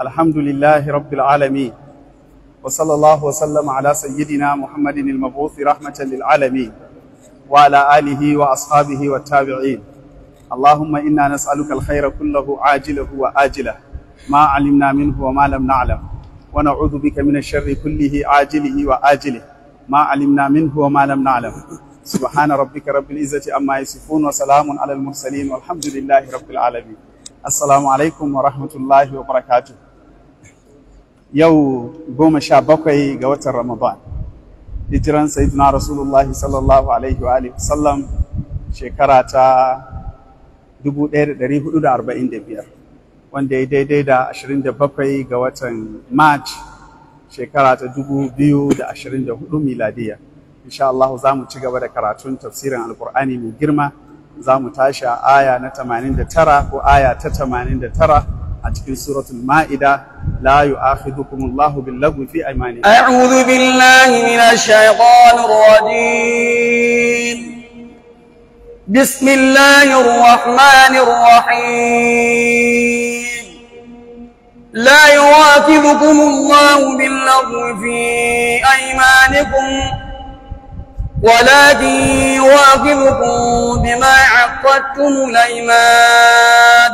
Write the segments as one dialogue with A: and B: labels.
A: الحمد لله رب العالمين وصلى الله وسلم على سيدنا محمد المبعوث رحمة للعالمين وعلى آله وأصحابه والتابعين اللهم إنا نسألك الخير كله عاجله وآجله ما علمنا منه وما لم نعلم ونعوذ بك من الشر كله عاجله وآجله ما علمنا منه وما لم نعلم سبحان ربك رب العزة أما يصفون وسلام على المرسلين والحمد لله رب العالمين Assalamu alaikum wa rahmatullahi wa barakatu. Yau goma sha bakwai ga watan Ramadan. Hijiran Sayyidina Rasulullahi sallallahu alaihi wa alihi sallam shekara ta 1445 wanda ya daidai da 27 ga watan March shekara ta 2024 miladiya. Insha Allah za mu ci gaba da karatun tafsirin Alkur'ani mai girma. zamu mu tashi aya na 89 ko aya ta 89 a cikin suratul ma'ida la yu'akhidukumullahu Allahu bil lagwi fi aymanikum a'udhu
B: billahi minash shaytanir
A: rajim
B: بسم الله الرحمن الرحيم لا يواكبكم الله باللغو في أيمانكم ولكن يواظبكم بما عقدتم الايمان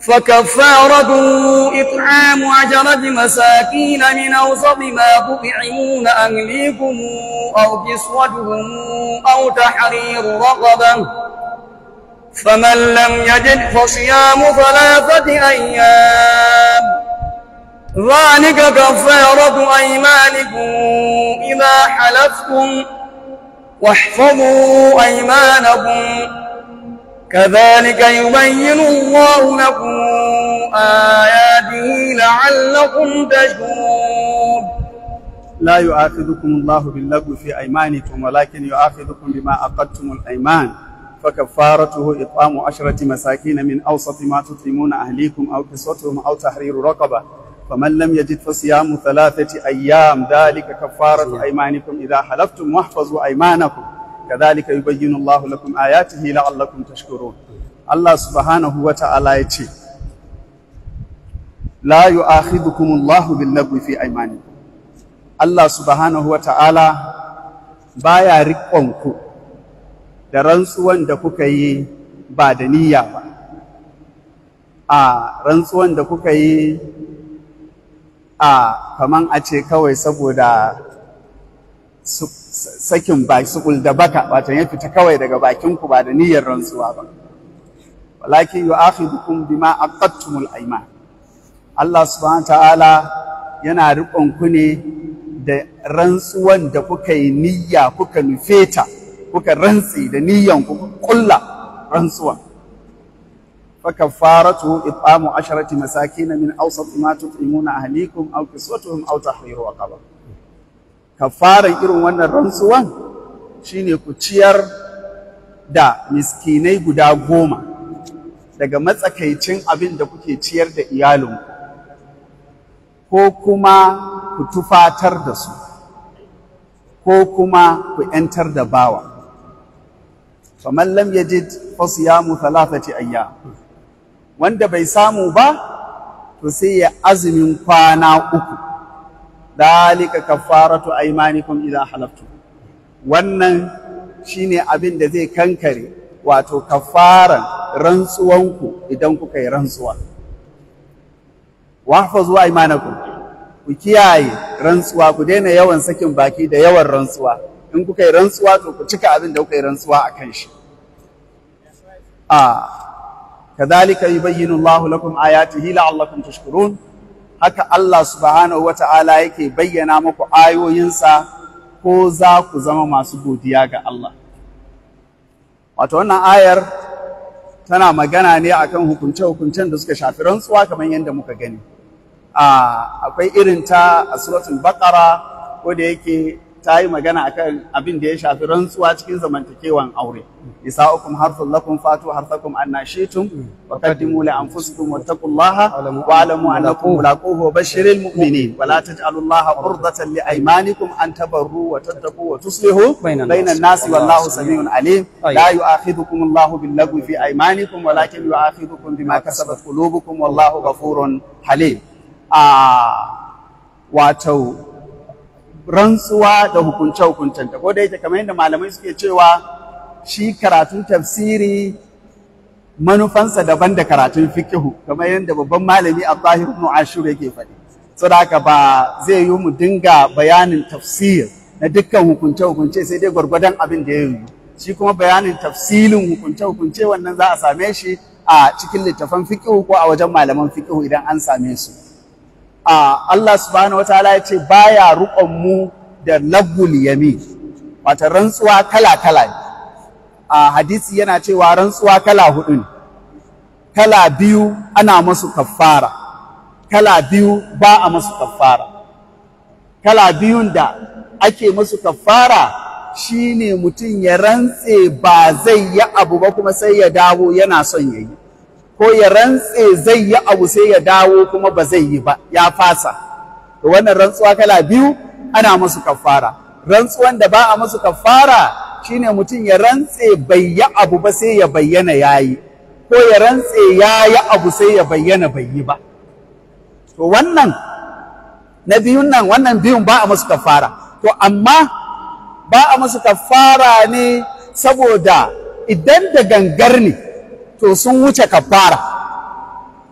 B: فكفارته إطعام عشرة مساكين من أوسط ما تطعمون أهليكم أو كسوتهم أو تحرير رقبة فمن لم يجد فصيام ثلاثة أيام ذلك كفارة أيمانكم إذا حلفتم واحفظوا أيمانكم كذلك يبين الله لكم آياته لعلكم تشكرون
A: لا يؤاخذكم الله باللغو في أيمانكم ولكن يؤاخذكم بما عقدتم الأيمان فكفارته إطعام عشرة مساكين من أوسط ما تطعمون أهليكم أو كسوتهم أو تحرير رقبة فمن لم يجد فصيام ثلاثة أيام ذلك كفارة أيمانكم إذا حلفتم واحفظوا أيمانكم كذلك يبين الله لكم آياته لعلكم تشكرون الله سبحانه وتعالى يتي لا يؤاخذكم الله باللغو في أيمانكم الله سبحانه وتعالى بايا رقونكم da rantsuwan da kuka yi ba da niyya ba a rantsuwan da kuka yi a kaman a ce kawai saboda sakin sukul da baka wato ya fita kawai daga bakin ku ba da niyyar rantsuwa ba walakin yu'akhidukum bima aqadtumul ayman Allah subhanahu ta'ala yana riƙon ku ne da rantsuwan da kuka yi niyya kuka nufeta, kuka rantsi da niyyan ku kulla rantsuwan فكفارته إطعام عشرة مساكين من أوسط ما تطعمون أهليكم أو كسوتهم أو تحرير رقبة kafaran irin wannan rantsuwan shine ku ciyar da miskinai guda goma daga matsakaicin abin da kuke ciyar da iyalinku ko kuma ku tufatar da su ko kuma ku ‘yantar da bawa faman lam yajid fasiyamu thalathati ayyam wanda bai samu ba to sai ya azumin kwana uku dalika kafaratu aymanikum idza halaftu wannan shine abin da zai kankare wato kafaran rantsuwanku idan kuka yi rantsuwa wahfazu aymanakum ku kiyaye rantsuwa ku daina yawan sakin baki da yawan rantsuwa in kuka yi rantsuwa to ku cika abin da kuka yi rantsuwa akan shi a ah. kadhalika yubayyinu Allahu lakum ayatihi la'allakum tashkurun haka Allah subhanahu ta'ala yake bayyana muku ayoyinsa ko za ku zama masu godiya ga Allah wato wannan ayar tana magana ne akan hukunce-hukuncen da suka shafi rantsuwa kamar yadda muka gani ah, akwai irin ta a suratul baqara ko da yake ta yi magana akan abin da ya shafi rantsuwa cikin zamantakewan aure isa uku harthul lakum fatu harthakum anna shi'tum wa qaddimu li anfusikum wattaqullaha wa alamu annakum mulaquhu wa bashiril mu'minin wa la taj'alu allaha qurdatan li aymanikum an tabarru wa tattaqu wa tuslihu bainan nasi wallahu samiun alim la yu'akhidhukum allahu bil lagwi fi aymanikum walakin yu'akhidhukum bima kasabat qulubukum wallahu ghafurun halim a ah, wato rantsuwa da hukunce-hukuncenta ko da yake kamar yadda malamai suke cewa shi karatun tafsiri manufansa daban da karatun fikihu kamar yadda babban malami a tahir ibn ashur yake faɗi da haka ba zai yi mu dinga bayanin tafsir na dukkan hukunce-hukunce sai dai gwargwadon abin da ya yi shi kuma bayanin tafsilin hukunce-hukunce wannan za a same shi a cikin littafan fikihu ko a wajen malaman fikihu idan an same su a Allah subhanahu wataala ya ce baya rukon mu da labbul yami wata rantsuwa kala kala a hadisi yana cewa rantsuwa kala hudu kala biyu ana masu kaffara kala biyu ba a masu kaffara kala biyun da ake masu kaffara shine mutum ya rantse ba zai yi abu ba kuma sai ya dawo yana son yayi ko ya rantse zai yi abu sai ya dawo kuma ba zai yi ba ya fasa to wannan rantsuwa kala biyu ana musu kafara rantsuwan da ba a musu kafara shine mutum ya rantse bai yi abu ba sai ya bayyana yayi ko ya rantse yayi abu sai ya bayyana bai yi ba to wannan na biyun nan wannan biyun ba a musu kafara to amma ba a musu kafara ne saboda idan da gangar ne to sun wuce kafara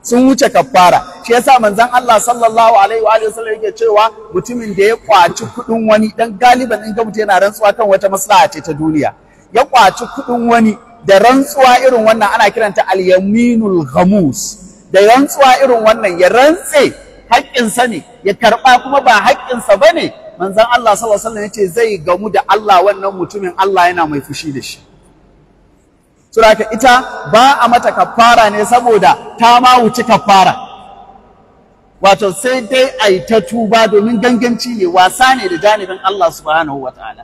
A: sun wuce kafara shi yasa manzon Allah sallallahu alaihi wa sallam yake cewa mutumin da ya kwaci kudin wani dan galiban in ga mutum yana rantsuwa kan wata maslaha ce ta duniya ya kwaci kudin wani da rantsuwa irin wannan ana kiranta al-yaminul ghamus da rantsuwa irin wannan ya rantse haƙƙinsa ne ya karɓa kuma ba haƙƙinsa ba ne manzon Allah sallallahu alaihi sallam yace zai gamu da Allah wannan mutumin Allah yana mai fushi da shi suraka ita ba a mata kafara ne saboda ta ma wuci kafara wato sai dai a yi ta tuba domin ganganci ne wasa ne da janibin Allah subhanahu wa ta'ala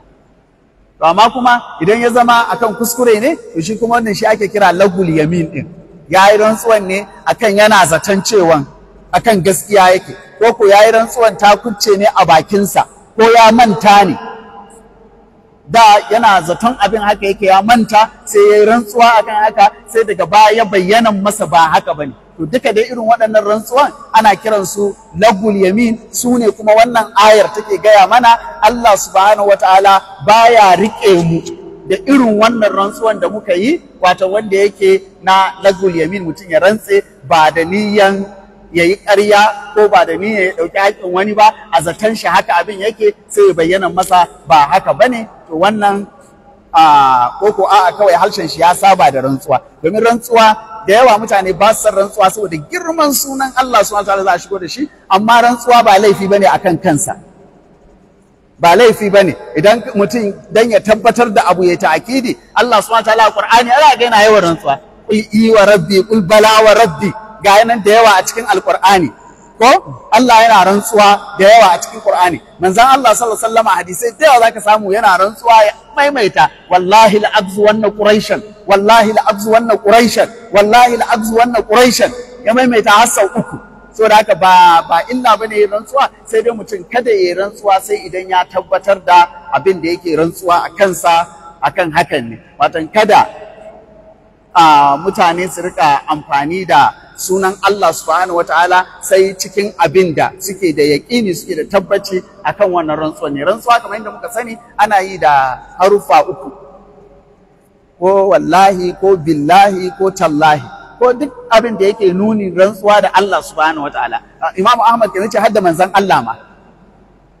A: to amma kuma idan ya zama akan kuskure ne to shi kuma wannan shi ake kira lagul yamin din ya yi rantsuwan ne akan yana zaton cewan akan gaskiya yake ko ko ya yi rantsuwan ta kucce ne a bakinsa ko ya manta ne da yana zaton abin haka yake ya manta sai ya rantsuwa akan haka sai daga baya ya bayyana masa ba haka bane to duka dai irin waɗannan rantsuwan ana kiran su lagul yamin su ne kuma wannan ayar take gaya mana Allah subhanahu wataala baya riƙe mu da irin wannan rantsuwan da muka yi wato wanda yake na lagul yamin mutum ya rantse ba da niyan ya yi ƙarya ko ba da niyya ya ɗauki haƙƙin wani ba a zaton shi haka abin yake sai ya bayyana masa ba haka ba ne to wannan koko a a kawai harshen shi ya saba da rantsuwa domin rantsuwa da yawa mutane ba su san rantsuwa saboda girman sunan Allah su za a shigo da shi amma rantsuwa ba laifi ba ne a kan kansa ba laifi ba ne idan mutum dan ya tabbatar da abu ya ta'akidi Allah su wataala a Qur'ani ana ga yana yawan rantsuwa qul wa rabbi qul wa rabbi ga da yawa a cikin alkur'ani ko Allah yana rantsuwa da yawa a cikin qur'ani manzon Allah sallallahu alaihi wasallam hadisai da yawa zaka samu yana rantsuwa ya maimaita wallahi la'abzu wannan quraishan wallahi la'abzu wannan quraishan wallahi la'abzu wannan quraishan ya maimaita har sau uku so da haka ba ba illa bane rantsuwa sai dai mutum kada ya rantsuwa sai idan ya tabbatar da abin da yake rantsuwa a kansa akan hakan ne watan kada a ah, mutane su rika amfani da sunan Allah subhanahu Ta'ala sai cikin abin da suke da yaƙini suke da tabbaci a kan wannan rantsuwa ne rantsuwa kamar yadda muka sani ana yi da harufa uku ko wallahi ko billahi ko tallahi ko duk abin da yake nuni rantsuwa da Allah subhanahu Ta'ala. Imam Ahmad ke nace har da manzon Allah ma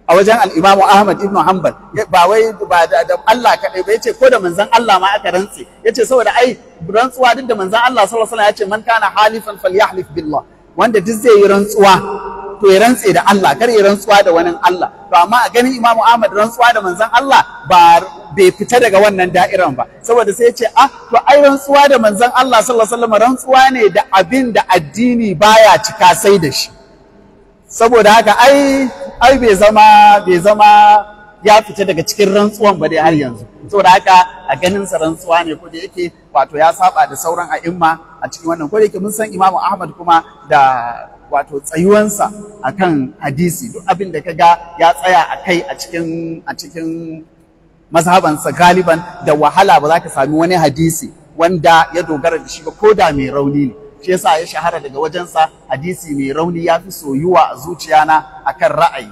A: a wajen al Ahmad ibn Hanbal ba wai ba da Allah kaɗai ba Ya ce ko da manzan Allah ma aka rantse Ya ce saboda ai rantsuwa duk da manzan Allah sallallahu alaihi wasallam ce man kana halifan falyahlif billah wanda duk zai yi rantsuwa to ya rantse da Allah kar ya rantsuwa da wani Allah to amma a ganin Imam Ahmad rantsuwa da manzan Allah ba bai fita daga wannan da'iran ba saboda sai ya ce a, ah, to ai rantsuwa da manzan Allah sallallahu alaihi wasallam rantsuwa ne da abin da addini baya cika sai da shi saboda haka ai ai bai zama bai zama ya fita daga cikin rantsuwan ba dai har yanzu saboda haka a ganin sa rantsuwa ne ko da yake wato ya saba da sauran a'imma a cikin wannan ko da yake mun san Imam Ahmad kuma da wato tsayuwansa akan hadisi duk abin da kaga ya tsaya a kai a cikin a cikin mazhabansa galiban da wahala ba za ka sami wani hadisi wanda ya dogara da shi ba ko da mai rauni ne shi yasa ya shahara daga wajensa hadisi mai rauni ya fi soyuwa a zuciyana akan ra'ayi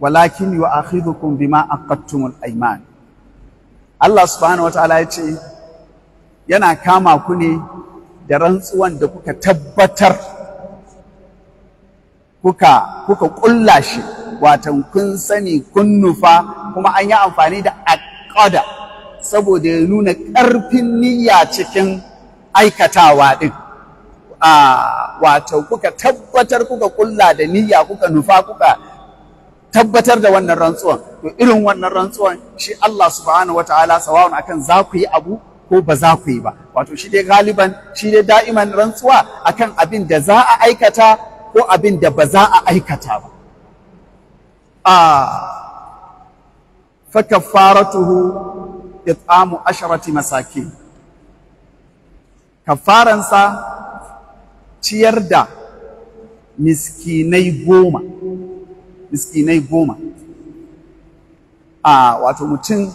A: walakin yu'akhidhukum bima aqadtumul ayman Allah subhanahu wataala ya ce yana kama ku ne da rantsuwan da kuka tabbatar kuka kuka kulla shi watan kun sani kun nufa kuma an yi amfani da aqada saboda ya nuna ƙarfin niyya cikin aikatawa ɗin. Wato, kuka tabbatar kuka kulla da niyya kuka nufa kuka tabbatar da wannan rantsuwan. To, irin wannan rantsuwan shi Allah subhanahu wata'ala sawa'un akan za ku yi abu ko ba za ku yi ba. Wato, shi dai galiban, shi dai da'iman rantsuwa akan abin da za a aikata ko abin da ba za a aikata ba. فكفارته it'amu asharati masakin kafaransa ciyar da miskinai goma miskinai goma a wato mutum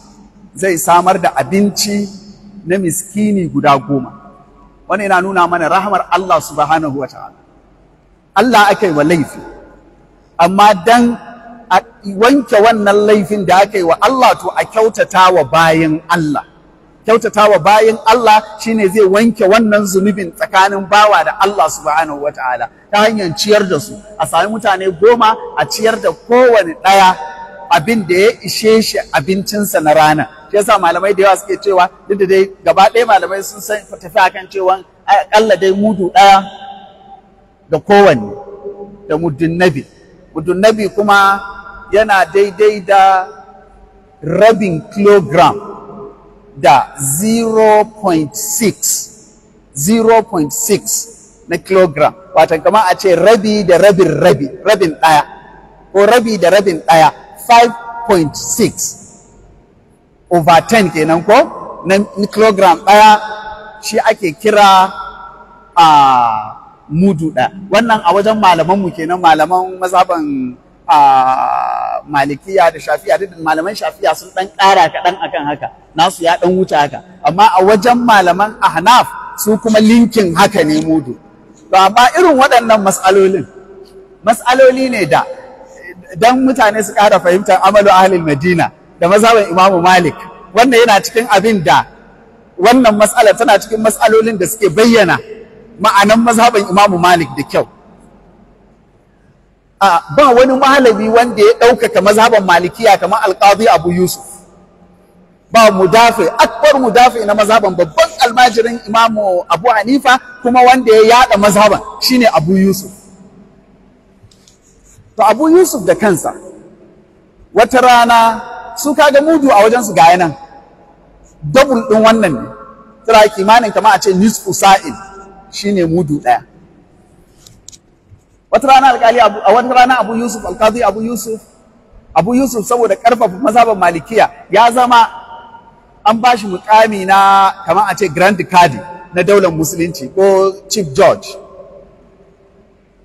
A: zai samar da abinci na miskini guda goma wani yana nuna mana rahamar Allah subhanahu wa ta'ala Allah aka yi wa laifi amma dan a wanke wannan laifin da aka yi wa Allah to a kyautata wa bayan Allah kyautata wa bayan Allah shine zai wanke wannan zunubin tsakanin bawa da Allah subhanahu ta'ala ta hanyar ciyar da su a sami mutane goma a ciyar da kowane ɗaya abin da ya ishe shi abincinsa na rana shi yasa malamai da yawa suke cewa duk da dai gaba ɗaya malamai sun san tafi akan cewa akalla dai mudu ɗaya Da kowanne da muddin nabi gudun nabi kuma yana daidai da rabin kilogram da 0.6 0.6 na kilogram watan kama a ce rabi da rabin rabi rabin ɗaya ko rabi da rabin ɗaya 5.6 over 10 kenan ko na kilogram ɗaya shi ake kira a uh, mudu ɗaya wannan a wajen malamanmu kenan malaman mazhaban malikiya da shafiya duk malaman shafiya sun dan ƙara kaɗan akan haka nasu ya dan wuce haka amma a wajen malaman ahnaf su kuma linkin haka ne mudu to amma irin waɗannan matsalolin matsaloli ne da dan mutane su ƙara fahimtar amalu ahlul madina da mazhaban imamu malik wannan yana cikin abin da wannan matsala tana cikin matsalolin da suke bayyana ma'anan mazhaban imamu malik da kyau a ba wani malami wanda ya ɗaukaka mazhaban malikiya kamar alƙadi abu yusuf ba mudafi akbar mudafi na mazhaban babban almajirin imamu abu hanifa kuma wanda ya yada mazhaban shine abu yusuf to abu yusuf da kansa wata rana su kaga mudu a wajensu ga nan Dabul ɗin wannan ne kira kimanin kama a ce nisfu sa'il shine mudu ɗaya wata rana alƙali a wani rana abu yusuf alƙazi abu yusuf abu yusuf saboda ƙarfafa mazhaban malikiya ya zama an ba shi mukami na kamar a ce grand Cadi na daular musulunci ko chief george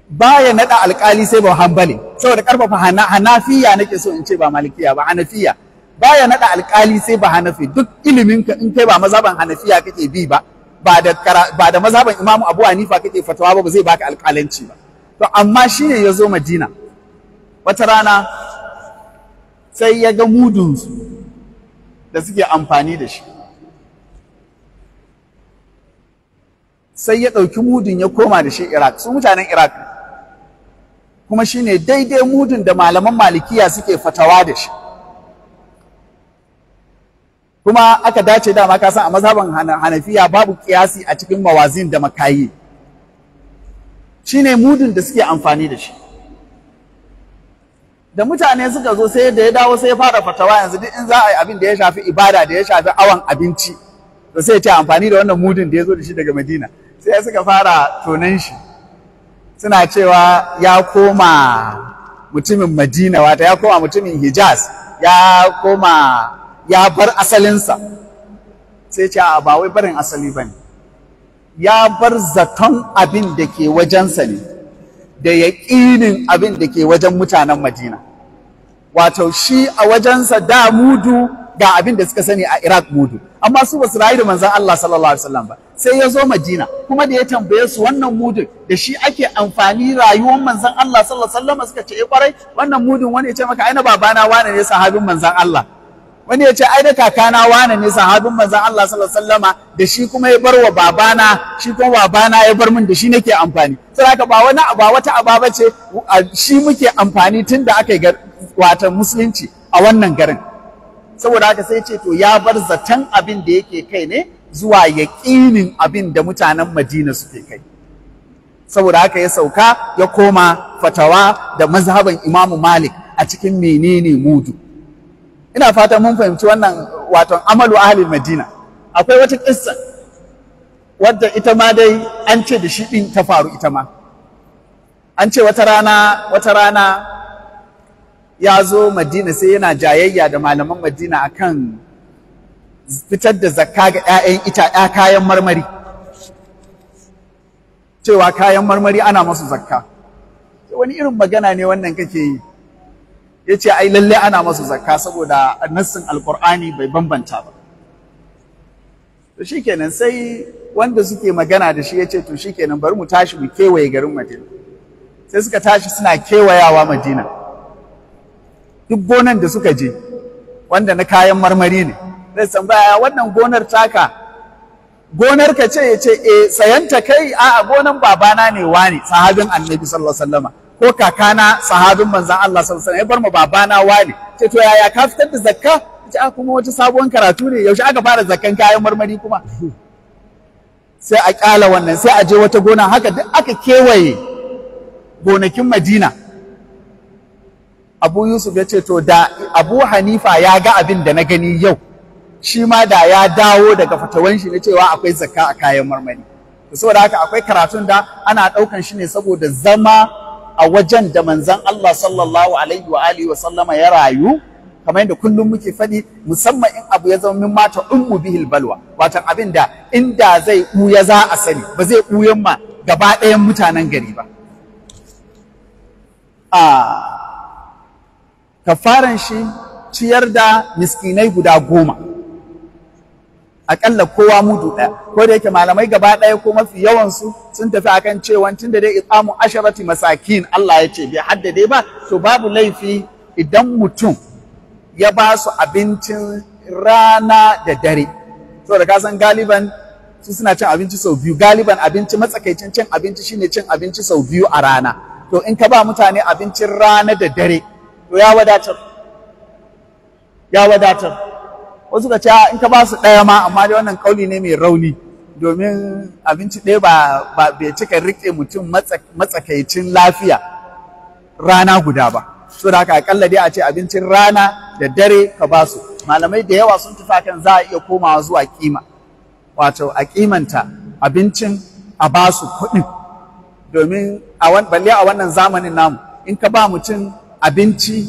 A: baya naɗa alƙali sai ba bane. saboda ƙarfafa hanafiya nake so in ce ba malikiya ba hanafiya baya naɗa alƙali sai ba hanafi duk ilimin ka in kai ba mazaban hanafiya kake bi ba ba da mazhaban imamu Abu Hanifa kake fatawa ba ba zai baka alƙalanci ba to amma shine ya zo Madina wata rana sai ya ga mudun da suke amfani da shi sai ya ɗauki mudun ya koma da shi Iraq su mutanen Iraq kuma shine daidai mudun da malaman malikiya suke fatawa da shi kuma aka dace dama ka san a mazhaban hanafiya babu kiyasi a cikin mawazin da makayi shine mudun da suke amfani da shi da mutane suka zo sai da ya dawo sai ya fara fatawa yanzu duk in za a yi abin da ya shafi ibada da ya shafi awan abinci to sai ya ce amfani da wannan mudun da ya zo da shi daga madina sai ya suka fara tonan shi suna cewa ya koma mutumin madina wata ya koma mutumin hijaz ya koma ya bar asalinsa sai ce a ba wai barin asali ba ne ya bar zaton abin da ke wajensa ne da yaƙinin abin da ke wajen mutanen madina wato shi a wajensa da mudu ga abin da suka sani a iraq mudu amma su ba su rayu da manzan allah sallallahu alaihi wasallam ba sai ya zo madina kuma da ya tambaye su wannan mudun da shi ake amfani rayuwar manzan allah sallallahu alaihi wasallam suka ce eh, kwarai wannan mudun wani ya ce maka aina babana wane ne sahabin manzan allah wani ya ce ai da kakana wane ne sahabin manzon Allah sallallahu alaihi wasallama da shi kuma ya bar wa babana shi kuma babana ya bar min da shi nake amfani saboda ba wani ba wata ababa ce shi muke amfani tun da aka yi wata musulunci a wannan garin saboda haka sai ce to ya bar zaton abin da yake kai ne zuwa yaƙinin abin da mutanen Madina suke kai saboda haka ya sauka ya koma fatawa da mazhaban Imam Malik a cikin menene mudu ina fatan mun fahimci wannan waton amalu ahli madina akwai wata kissa wadda ita ma dai an ce da shi din ta faru ita ma an ce wata rana wata rana ya zo madina sai yana jayayya da malaman madina akan fitar da zakka ga 'ya'yan ita 'ya kayan marmari cewa kayan marmari ana masu zakka wani irin magana ne wannan kake yi ya ce ai lalle ana masu zakka saboda nassin alkur'ani bai bambanta ba to shikenan sai wanda suke magana da shi ya ce to shikenan bari mu tashi mu kewaye garin madina sai suka tashi suna kewayawa madina duk gonan da suka je wanda na kayan marmari ne zai tambaya wannan gonar taka gonar ka ce ya ce eh sayanta kai a'a gonan babana ne wani sahabin annabi sallallahu alaihi wasallama ko kakana sahabin manzan Allah sallallahu alaihi wasallam ya bar mu babana wani ce to yaya ka fitar da zakka ce a ah, kuma wata sabuwar karatu ne yaushe aka fara zakkan kayan marmari kuma sai a kyala wannan sai a je wata gona haka duk aka kewaye gonakin Madina Abu Yusuf ya ce to da Abu Hanifa ya ga abin da na gani yau shi ma da ya dawo daga fatawan shi na cewa akwai zakka a kayan marmari saboda haka akwai karatun da ana ɗaukan shi ne saboda zama a wajen da manzan Allah sallallahu alaihi wa alihi wa sallama ya rayu kamar yadda kullum muke faɗi musamman in abu ya zama min mata ummu bihil balwa watan abin da inda zai ɓuya za a sani ba zai ɓuyan ma gaba ɗayan mutanen gari ba a kafaran shi ciyar da miskinai guda goma akalla kowa mudu ɗaya ko da yake malamai gaba ɗaya ko mafi yawan su sun tafi akan cewa tun da dai itsamu asharati masakin Allah ya ce bai haddade ba to babu laifi idan mutum ya ba su abincin rana da dare da ka san galiban su suna cin abinci sau biyu galiban abinci matsakaicin cin abinci shine cin abinci sau biyu a rana to in ka ba mutane abincin rana da dare to ya wadatar ya wadatar wasu ka ce in ka ba su ɗaya ma amma dai wannan kauli ne mai rauni domin abinci ɗaya ba bai cika riƙe mutum matsakaicin lafiya rana guda ba so da haka akalla dai a ce abincin rana da dare ka ba su malamai da yawa sun tafi kan za a iya komawa zuwa kima wato a kimanta abincin a ba su kuɗin domin balle a wannan zamanin namu in ka ba mutum abinci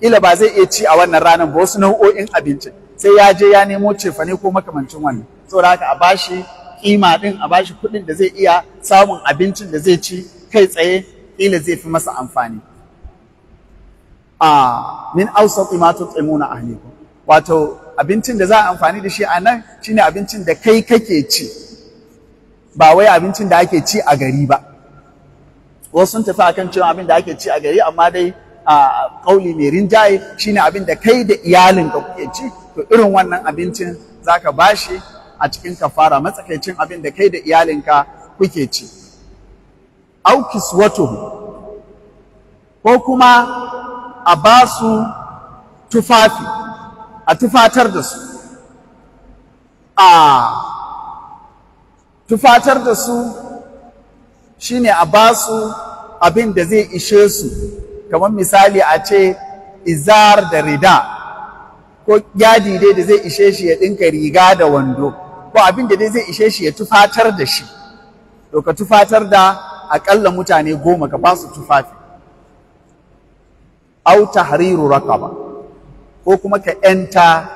A: ila ba zai iya ci a wannan ranar ba wasu nau'o'in abincin sai ya je ya nemo cefane ko makamancin Sau saboda haka a bashi kima din a bashi kuɗin da zai iya samun abincin da zai ci kai tsaye ila zai fi masa amfani a min ausat imatu tsaimuna ahlikum wato abincin da za a amfani da shi a nan shine abincin da kai kake ci ba wai abincin da ake ci a gari ba wasu sun tafi akan cewa abin da ake ci a gari amma dai a kauli mai rinjaye shine abin da kai da iyalin ka kuke ci to irin wannan abincin zaka bashi a cikin kafara matsakaicin abin da kai da iyalinka kuke ci Aukis kiswatuhu ko kuma a ba su tufafi a tufatar da su a tufatar da su shine a ba su abin da zai ishe su kamar misali a ce izar da rida ko yadi dai da zai ishe shi ya ɗinka riga da wando ko abin da dai zai ishe shi ya tufatar da shi to ka tufatar da aƙalla mutane goma ka ba su tufafi au tahriru raqaba ko kuma ka ‘yanta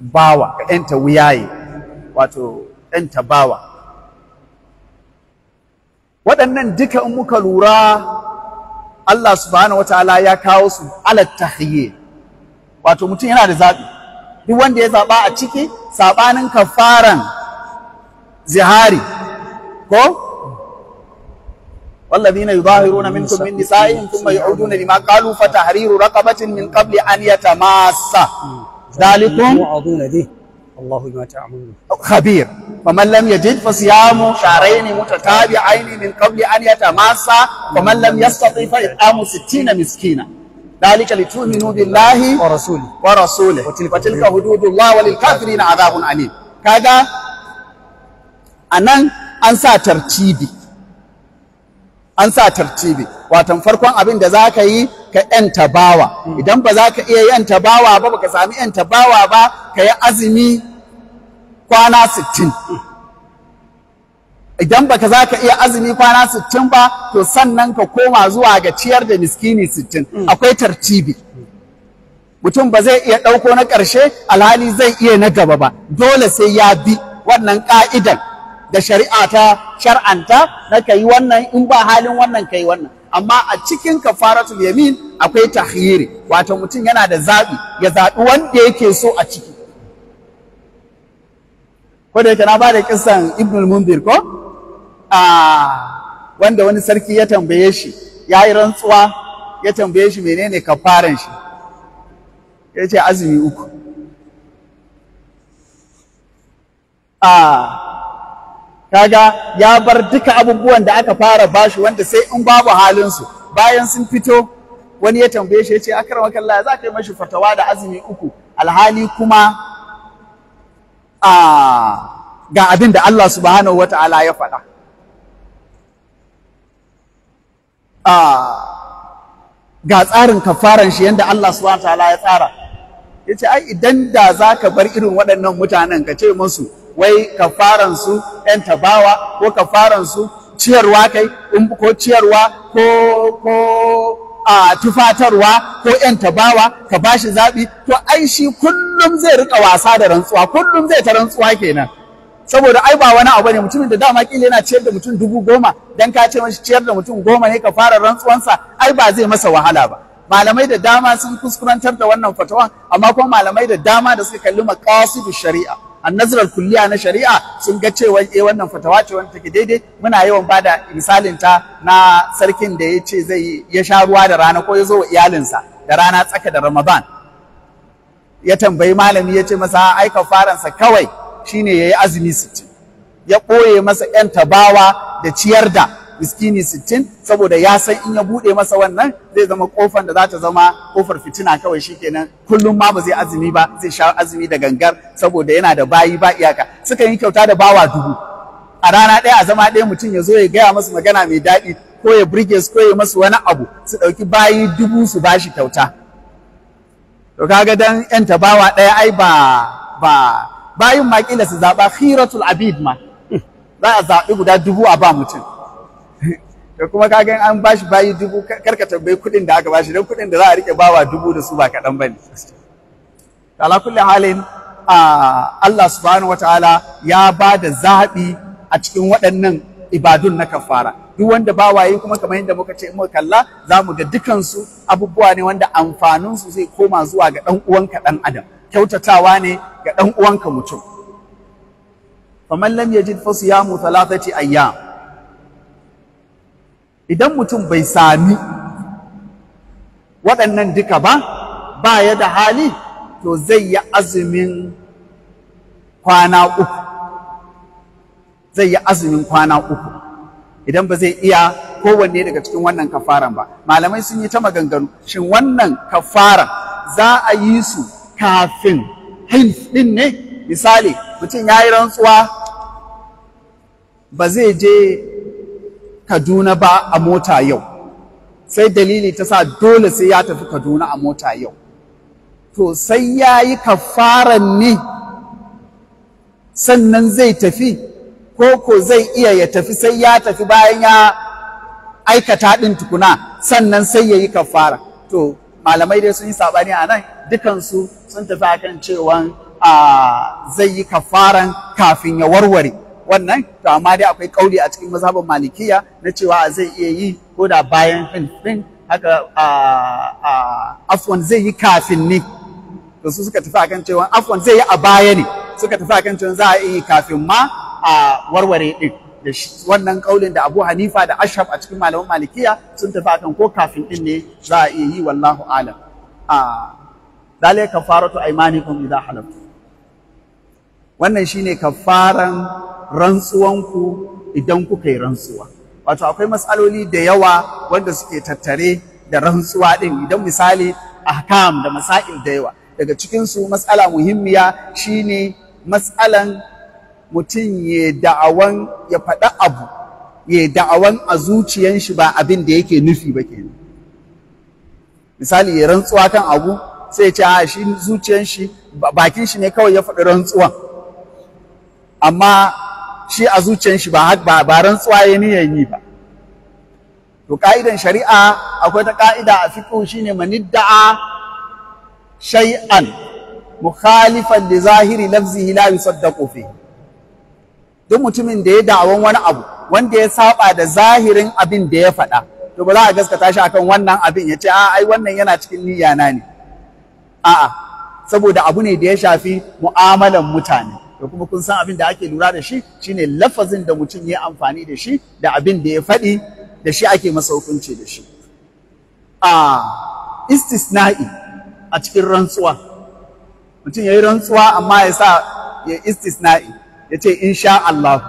A: bawa ka ‘yanta wuyaye wato ‘yanta bawa waɗannan duka in muka lura Allah subhanahu wataala ya kawo su ala tahiyye wato mutum yana da zaɓi duk wanda ya zaɓa a ciki saɓanin kafaran zihari ko والذين يظاهرون منكم من نسائهم ثم يعودون لما قالوا فتحرير رقبة من قبل أن يتماس ذلكم Kabir. ta'amunu khabir faman lam yajid fa siyamu sharain mutatabi'ain min qabli kaga anan an an sa tartibi watan farkon abin da zaka yi ka yanta tabawa idan ba za ka iya yan tabawa ba baka sami yan tabawa ba ka yi azumi kwana sittin idan baka za ka iya azumi kwana sittin ba to sannan ka koma zuwa ga ciyar da miskini sittin akwai tartibi mutum ba zai iya ɗauko na ƙarshe alhali zai iya na gaba ba dole sai ya bi wannan ƙa'idan da shari'a ta shar'anta na ka yi wannan in ba halin wannan ka yi wannan amma a cikin kafaratul yamin akwai tahyiri wato mutum yana da zaɓi ya zaɓi wanda yake so a ciki ko da yake na bada kisan ibnul mundir ko wanda wani sarki ya tambaye shi ya yi rantsuwa ya tambaye shi menene kafaran shi ya ce azumi uku a kaga ya bar duka abubuwan da aka fara bashi wanda sai in babu halinsu bayan sun fito wani ya tambaye shi ya ce akarama kalla za ka yi mashi fatawa da azumi uku alhali kuma a ga abin da Allah subhanahu wa ta'ala ya faɗa ga tsarin kafaran shi yadda Allah subhanahu wa ta'ala ya tsara Yace ce ai idan da za ka bar irin waɗannan mutanen ka ce musu wai kafaransu yan tabawa ko kafaransu ciyarwa kai in ko ciyarwa ko ko a tufatarwa ko yan tabawa ka bashi zaɓi to ai shi kullum zai rika wasa da rantsuwa kullum zai ta rantsuwa kenan saboda ai ba wani abu ne mutumin da dama kila yana ciyar da mutum dubu goma dan ka ce mashi ciyar da mutum goma ne ka fara rantsuwansa ai ba zai masa wahala ba malamai da dama sun kuskurantar da wannan fatawa. amma kuma malamai da dama da suka kalli maqasidu shari'a annazarar kulliya na shari'a sun ga cewa eh wannan fatawa ce wanda take daidai muna yawan bada misalin ta na sarkin da ya ce zai ya sha ruwa da rana ko ya zo wa iyalinsa da rana tsaka da Ramadan ya tambayi malami ya ce masa ai faransa kawai shine yayi azumi 60 ya ɓoye masa 'yan tabawa da ciyar da miskini sittin saboda ya san in ya buɗe masa wannan zai zama kofar da za ta zama kofar fitina kawai shikenan kullum ma ba zai azumi ba zai sha azumi da gangar saboda yana da bayi ba iyaka Suka yi kyauta da bawa dubu a rana ɗaya a zama ɗaya mutum ya zo ya gaya masu magana mai daɗi ko ya burge su ko ya masu wani abu su ɗauki bayi dubu su ba kyauta to kaga dan yan tabawa ɗaya ai ba ba bayin ma kila su zaɓa khiratul abid ma za a zaɓi guda dubu a ba mutum da kuma ka gan an bashi bayi dubu karka tambayi kuɗin da aka bashi don kuɗin da za a rike bawa dubu da su ba kaɗan bane. ne. Ala kulli halin Allah subhanahu wataala ya ba da zaɓi a cikin waɗannan ibadun na kafara. Duk wanda bawaye kuma kamar yadda muka ce muka kalla za mu ga dukansu abubuwa ne wanda amfaninsu zai koma zuwa ga ɗan uwanka ɗan adam. Kyautatawa ne ga ɗan uwanka mutum. Faman lam yajid fa siyamu thalathati ayyam. idan mutum bai sami waɗannan duka ba ba ya da hali to zai yi azumin kwana uku zai yi azumin kwana uku idan ba zai iya kowanne daga cikin wannan kafaran ba malamai sun yi ta maganganu shin wannan kafaran za a yi su kafin hins din ne misali mutum ya yi rantsuwa ba zai je Kaduna ba a mota yau sai dalili ta sa dole sai ya tafi Kaduna a mota yau to sai ya yi kafaran ni sannan zai tafi ko ko zai iya ya tafi sai ya tafi bayan ya aikata ɗin tukuna sannan sai ya yi kafara to malamai dai sun yi saɓani a nan dukansu sun tafi a kan cewa ah, zai yi kafaran kafin ya warware wannan to amma dai akwai kauli a cikin mazhabin malikiya na cewa zai iya yi ko da bayan fin haka afwan zai yi kafin ni to su suka tafi akan cewa afwan zai yi a baya ne suka tafi akan cewa za a yi kafin ma a warware din da wannan kaulin da Abu Hanifa da Ashab a cikin malaman malikiya sun tafi akan ko kafin din ne za a iya yi wallahu alam a dalika faratu aymanikum idha halaftu wannan shine kafaran rantsuwanku idan kuka yi rantsuwa wato akwai matsaloli da yawa wanda suke tattare da rantsuwa ɗin, idan misali ahkam da masail da yawa daga cikin su matsala muhimmiya shine matsalan mutum ya da'awan ya faɗa abu ya da'awan a zuciyan shi ba abin da yake nufi ba kenan misali ya rantsuwa kan abu sai ya ce a shi zuciyan shi bakin shi ne kawai ya faɗi rantsuwan amma shi a zuciyar shi ba ba rantsuwa ya niyan yi ba to ka'idan shari'a akwai ta ka'ida a fiqh shine manidda'a shay'an mukhalifan li zahiri lafzihi la yusaddaqu fi duk mutumin da ya da'awan wani abu wanda ya saba da zahirin abin da ya faɗa to ba za a gaskata shi akan wannan abin ya ce a ai wannan yana cikin niyya na ne a'a saboda abu ne da ya shafi mu'amalan mutane da kuma kun san abin da ake lura da shi shine lafazin da mutum ya amfani da shi da abin da ya faɗi da shi ake masa hukunci da shi a istisna'i a cikin rantsuwa mutum ya yi rantsuwa amma ya sa ya istisna'i ya ce insha Allah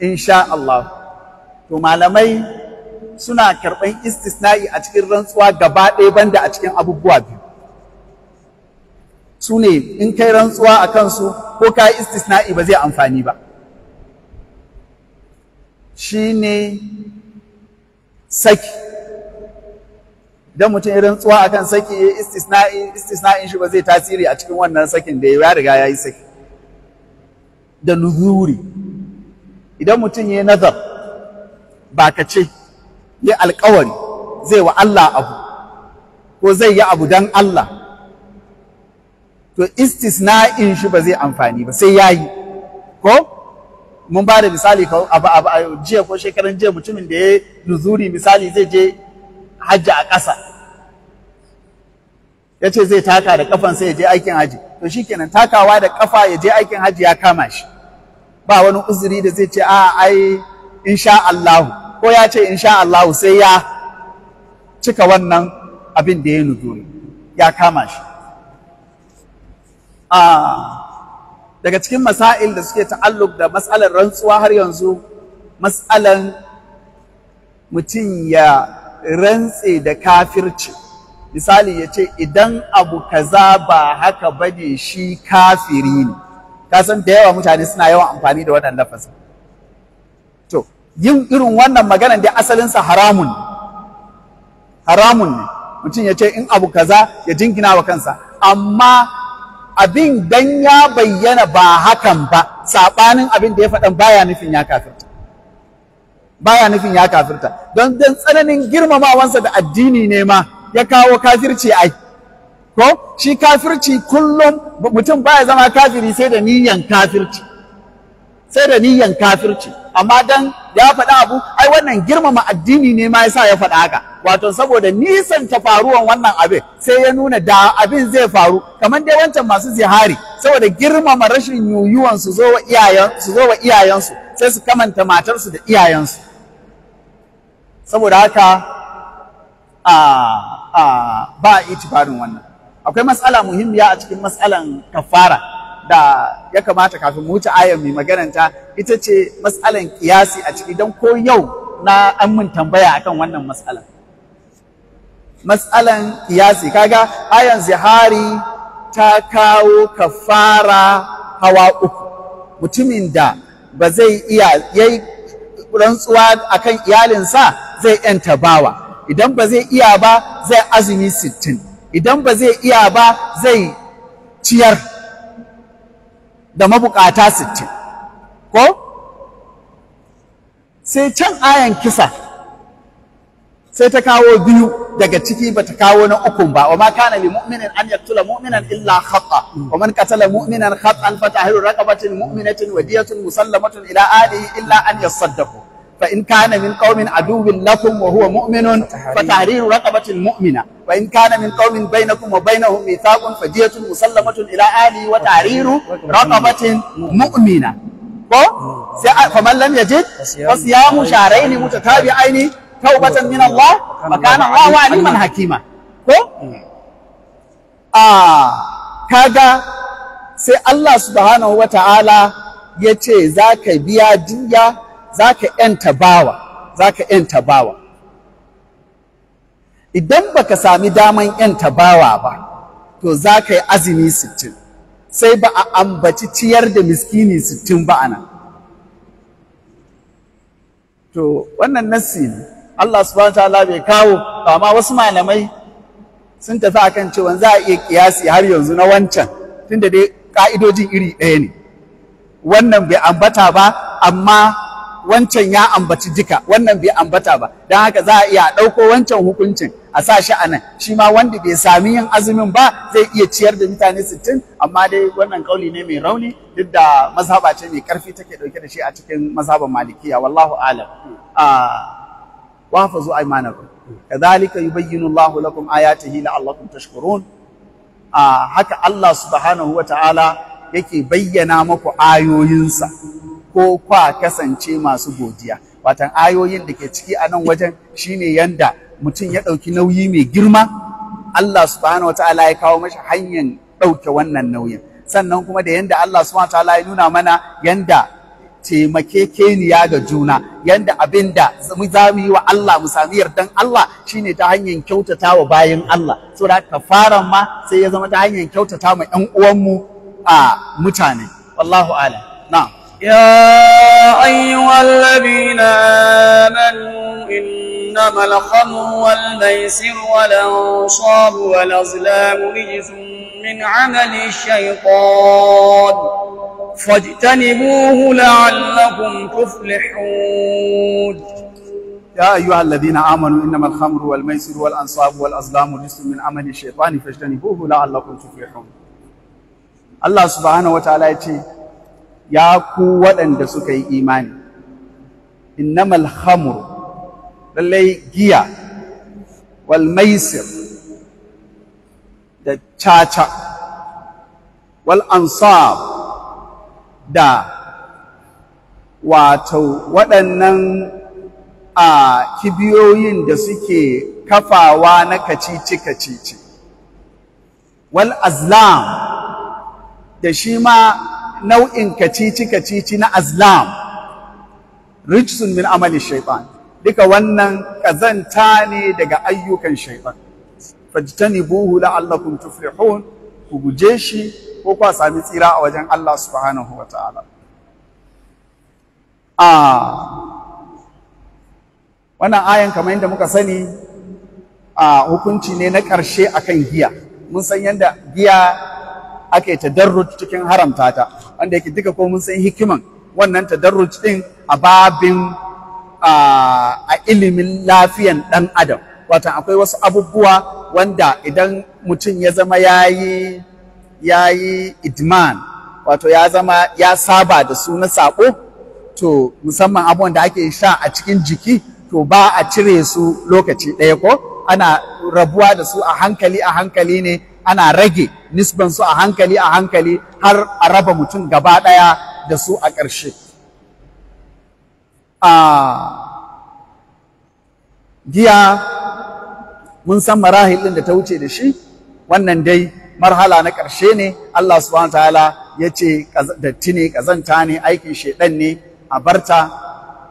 A: insha Allah to malamai suna karɓar istisna'i a cikin rantsuwa gaba ɗaya banda a cikin abubuwa biyu su ne in kai rantsuwa a kansu ko ka yi istisna'i ba zai amfani ba shi ne saki idan mutum ya rantsuwa a kan saki ya istisna'i istisna'in shi ba zai tasiri a cikin wannan sakin da ya riga ya yi saki da nuzuri idan mutum ya yi nazar ba ka ce ya alkawari zai wa Allah abu ko zai yi abu don Allah to istisna'in shi ba zai amfani ba sai yayi ko mun ba da misali ka abu abu a jiya ko shekaran jiya mutumin da ya nuzuri misali zai je hajji a ƙasa ya ce zai taka da kafansa ya je aikin hajji to shikenan takawa da kafa ya je aikin hajji ya kama shi ba wani uzuri da zai ce a ai insha Allah ko ya ce insha Allah sai ya cika wannan abin da ya nuzuri ya kama shi Ah. daga cikin masail da suke ta'alluk da matsalar rantsuwa har yanzu matsalan mutum ya rantse da kafirci misali ya ce idan abu kaza ba haka bane shi kafiri ne Kasan da yawa mutane suna yawan amfani da wannan lafazin to yin irin wannan maganan da asalinsa haramun haramun ne mutum ya ce in abu kaza ya jingina wa kansa amma abin dan ya bayyana ba hakan ba saɓanin abin da ya faɗan baya nufin ya kafirta baya nufin ya kafirta don dan tsananin girmamawansa da addini ne ma ya kawo kafirci ai ko shi kafirci kullum mutum baya zama kafiri sai da niyan kafirci sai da niyan kafirci amma dan ya faɗa abu ai wannan girmama addini ne ma yasa ya faɗa haka wato saboda nisan ta faruwan wannan abin sai ya nuna da abin zai faru kamar dai wancan masu zihari saboda girmama rashin yuyuwan su zo wa iyayen su zo wa iyayensu sai su kamanta matarsu da iyayensu saboda haka a a ba itibarin wannan akwai matsala muhimmiya a cikin matsalan kafara da ya kamata kafin mu wuce ayar mai magananta ita ce matsalan kiyasi a ciki don ko yau na an mun tambaya akan wannan matsalan matsalan kiyasi kaga ayan zihari ta kawo kafara hawa uku mutumin da ba zai iya yayi rantsuwa akan iyalinsa zai yanta bawa idan ba zai iya ba zai azumi sittin idan ba zai iya ba zai ciyar da mabukata sittin ko sai can ayan kisa sai ta kawo biyu daga ciki bata kawo na uku ba wa ma kana li mu'minin an yaqtula mu'minan illa khata wa man qatala mu'minan khatan fa tahriru raqabatin mu'minatin wa diyatun musallamatun ila alihi illa an yasaddaqu فإن كان من قوم عدو لكم وهو مؤمن فتحرير رقبة مؤمنة وإن كان من قوم بينكم وبينهم ميثاق فدية مسلمة إلى أهله وتحرير رقبة مؤمنة فمن لم يجد فصيام شهرين متتابعين توبة من الله وكان الله عليما حكيما آه كذا سي الله سبحانه وتعالى يتي ذاك بيا دنيا za ka ‘yanta bawa, za ka ‘yanta bawa. Idan ba ka sami daman ‘yanta bawa ba, to za ka yi azumi sittin, sai ba a ambaci ciyar da miskini sittin ba ana. To, wannan nassi ne, Allah subhanahu ta'ala bai kawo, ba ma wasu malamai sun tafi akan cewa za a iya kiyasi har yanzu na wancan, tunda dai ka'idojin iri ɗaya ne. Wannan bai ambata ba, amma wancan ya ambaci jika wannan bai ambata ba don haka za a iya ɗauko wancan hukuncin a sa shi a nan shi ma wanda bai sami yin azumin ba zai iya ciyar da mutane sittin amma dai wannan kauli ne mai rauni duk da mazhaba ce mai karfi take ɗauke da shi a cikin mazhaban malikiya wallahu alam ah, yi ايمانكم Allahu lakum الله لكم اياته لعلكم تشكرون haka Allah subhanahu wataala yake bayyana maku ayoyinsa ko kwa kasance masu godiya watan ayoyin da ke ciki a nan wajen shine yanda mutum ya ɗauki nauyi mai girma Allah subhanahu wataala ya kawo mashi hanyar ɗauke wannan nauyin sannan kuma da yanda Allah subhanahu wataala ya nuna mana yanda taimake taimakekeniya ga juna yanda abin da za mu yi wa Allah mu sami yardan Allah shine ta hanyar kyautata wa bayan Allah So ka kafara ma sai ya zama ta hanyar kyautata ma ƴan uwanmu a mutane wallahu a'lam na'am يا
B: أيها الذين آمنوا إنما الخمر والميسر والأنصاب والأزلام رجس من عمل
A: الشيطان فاجتنبوه لعلكم تفلحون يا أيها الذين آمنوا إنما الخمر والميسر والأنصاب والأزلام رجس من عمل الشيطان فاجتنبوه لعلكم تفلحون الله سبحانه وتعالى يقول ya ku waɗanda suka yi imani Inna khamr lallai giya wal da caca wal ansab da wato waɗannan a kibiyoyin da suke kafawa na kacici-kacici wal azlam da shi ma nau'in kacici-kacici na azlam rijsun min amali shaitan duka wannan kazanta ne daga ayyukan shaitan fajtanibuhu la'allakum tuflihun ku guje shi ko kwa sami tsira a wajen Allah subhanahu wa ta'ala a wannan ayan kamar yadda muka sani a hukunci ne na ƙarshe akan giya mun san yadda giya ake tadarruj cikin haramta ta wanda yake duka ko mun san hikiman wannan tadarruj din a babin a ilimin lafiyan dan adam wato akwai wasu abubuwa wanda idan mutum ya zama yayi yayi idman wato ya zama ya saba da su na sako to musamman abubuwan da ake sha a cikin jiki to ba a cire su lokaci ɗaya ko ana rabuwa da su a hankali a hankali ne ana rage nisban su a hankali a hankali har a raba mutum gaba ɗaya da su a ƙarshe. A giya mun san marahil ɗin da ta wuce da shi, wannan dai marhala na ƙarshe ne Allah subhanahu ta'ala ya ce datti ne ƙazanta ne aikin shaiɗan ne a barta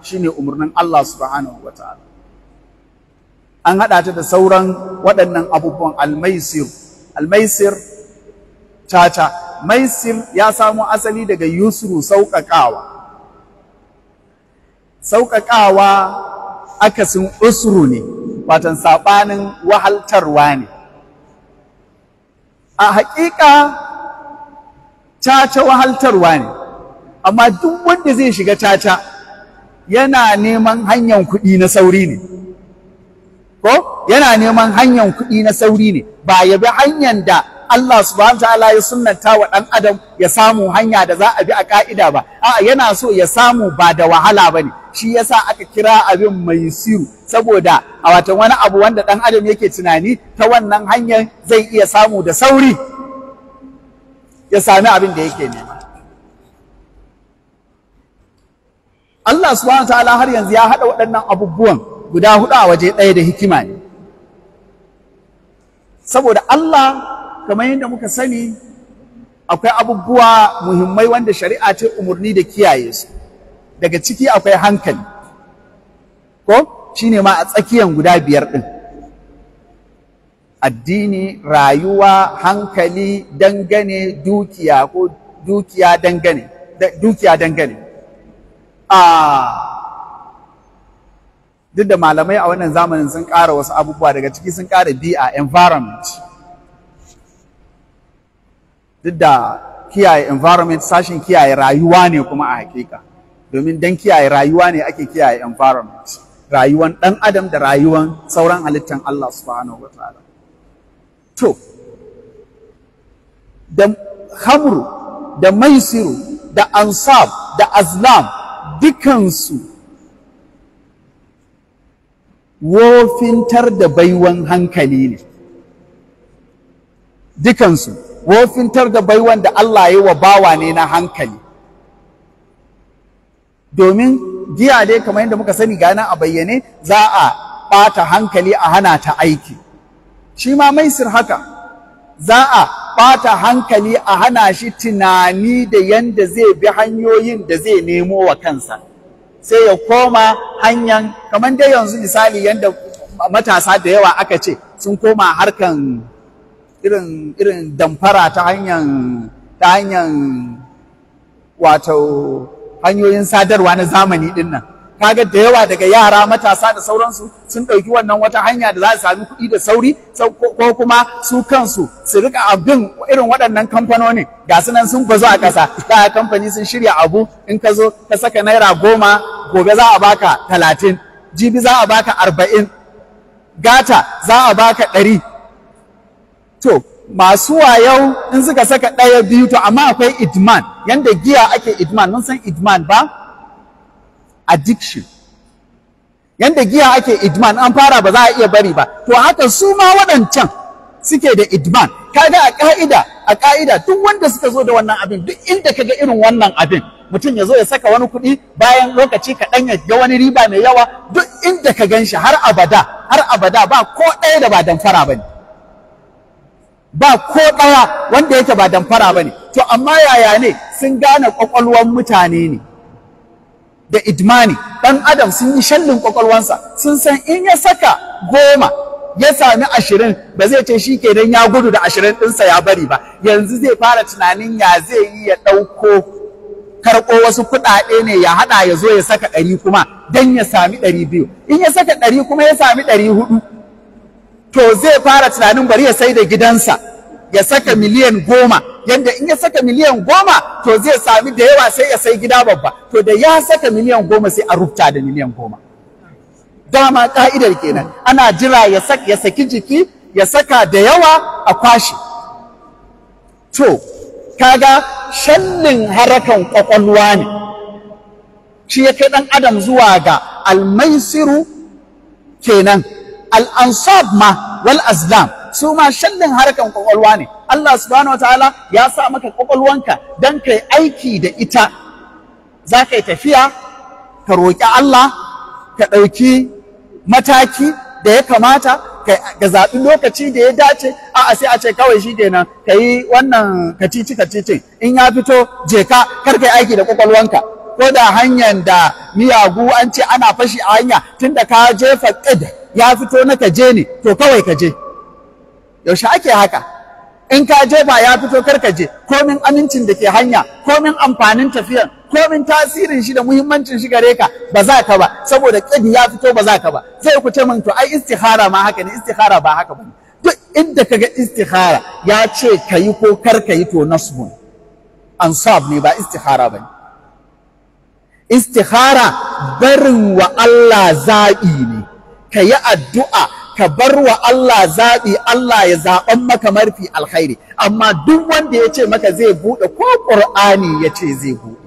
A: shine umarnin Allah subhanahu wa ta'ala. An haɗa ta da sauran waɗannan abubuwan almaisir almaisir caca maisir ya samo asali daga yusru sauƙaƙawa sauƙaƙawa akasin usru ne watan saɓanin wahaltarwa ne a haƙiƙa caca wahaltarwa ne amma duk wanda zai shiga caca yana neman hanyar kuɗi na sauri ne ko yana neman hanyar kuɗi na sauri ne ba ya bi hanyar da Allah subhanahu ta'ala ya sunnanta wa ɗan adam ya samu hanya da za a bi a ƙa'ida ba a'a yana so ya samu ba da wahala ba ne shi yasa aka kira abin mai siru saboda a watan wani abu wanda ɗan adam yake tunani ta wannan hanyar zai iya samu da sauri ya sami abin da yake nema Allah subhanahu ta'ala har yanzu ya haɗa waɗannan abubuwan guda hudu a waje ɗaya da hikima ne saboda Allah kamar yadda muka sani akwai abubuwa muhimmai wanda shari'a ce umarni da kiyaye su daga ciki akwai hankali ko shine ma a tsakiyar guda biyar ɗin addini rayuwa hankali dangane dukiya ko dukiya dangane dukiya dangane ah duk da malamai a wannan zamanin sun ƙara wasu abubuwa daga ciki sun ƙara bi'a environment duk da kiyaye environment sashin kiyaye rayuwa ne kuma a hakika domin don kiyaye rayuwa ne ake kiyaye environment rayuwan ɗan adam da rayuwan sauran halittar Allah subhanahu ta'ala to da hamru da maisiru da ansab da azlam dukansu wofintar da baiwan hankali ne dukansu wofintar da baiwan da Allah ya wa bawa ne na hankali domin giya dai kamar yadda muka sani gana a bayyane za a ɓata hankali a hana ta aiki shi ma maisir haka za a ɓata hankali a hana shi tunani da yanda zai bi hanyoyin da zai nemo wa kansa sai ya koma hanyar, kamar dai yanzu misali yadda matasa da yawa aka ce sun koma harkan irin damfara ta ta hanyar wato hanyoyin sadarwa na zamani dinnan. kaga da yawa daga yara matasa da sauransu sun ɗauki wannan wata hanya da za su sami kuɗi da sauri ko kuma su kansu su rika abin irin waɗannan kamfanoni. ga su nan sun bazu a ƙasa da kamfani sun shirya abu in ka zo ka saka naira goma gobe za a baka talatin jibi za a baka arba'in gata za a baka ɗari to masu wayau in suka saka ɗaya biyu to amma akwai idman yanda giya ake idman mun san idman ba addiction yanda giya ake idman an fara ba za a iya bari ba to haka su ma waɗancan suke da idman kaga a ka'ida a ka'ida duk wanda suka zo da wannan abin duk inda kaga irin wannan abin mutum ya zo ya saka wani kuɗi bayan lokaci kaɗan ya ga wani riba mai yawa duk inda ka ganshi har abada har abada ba ko ɗaya da ba damfara ba ne ba ko ɗaya wanda yake ba damfara ba ne to amma yaya ne sun gane ƙwaƙwalwar mutane ne da idmani ɗan adam sun yi shallin kwakwalwansa sun san in ya saka goma ya sami ashirin ba zai ce shi kenan ya gudu da ashirin ɗinsa ya bari ba yanzu zai fara tunanin ya zai yi ya ɗauko karɓo wasu kuɗaɗe ne ya haɗa ya zo ya saka ɗari kuma dan ya sami ɗari biyu in ya saka ɗari kuma ya sami ɗari hudu to zai fara tunanin bari ya sai da gidansa ya saka miliyan goma yanda in ya saka miliyan goma to zai sami da yawa sai ya sai gida babba to da ya saka miliyan goma sai a rubuta da miliyan goma dama ka'idar kenan ana jira ya saki ya saki jiki ya saka da yawa a kwashi to kaga shallin harakan kwakwalwa ne shi ya kai dan adam zuwa ga almaisiru kenan al-ansab ma wal azlam su ma shallin harkan kwakwalwa ne Allah subhanahu wataala ya sa maka kwakwalwanka dan kai aiki da ita za ka yi tafiya ka roƙi Allah ka ɗauki mataki da ya kamata ka zaɓi lokaci da ya dace a sai a ce kawai shi kenan ka yi wannan kacici kacicin in ya fito je ka kar kai aiki da kwakwalwanka ko da hanyar da miyagu an ce ana fashi a hanya tunda ka jefa ƙid ya fito na ka je ne to kawai ka je. yaushe ake haka in ka je ba ya fito kar ka je komin amincin da ke hanya komin amfanin tafiyan komin tasirin shi da muhimmancin shi gare ka ba za ka ba saboda kidi ya fito ba za ka ba sai ku ce min to ai istikhara ma haka ne istikhara ba haka bane duk inda kaga istikhara ya ce kayi ko ka yi to nasbun ansab ne ba istikhara bane istikhara barin wa Allah zaɓi ne kayi addu'a ka bar wa Allah zaɓi Allah ya zaɓan maka marfi alkhairi amma duk wanda ya ce maka zai buɗe ko ƙur'ani ya ce zai buɗe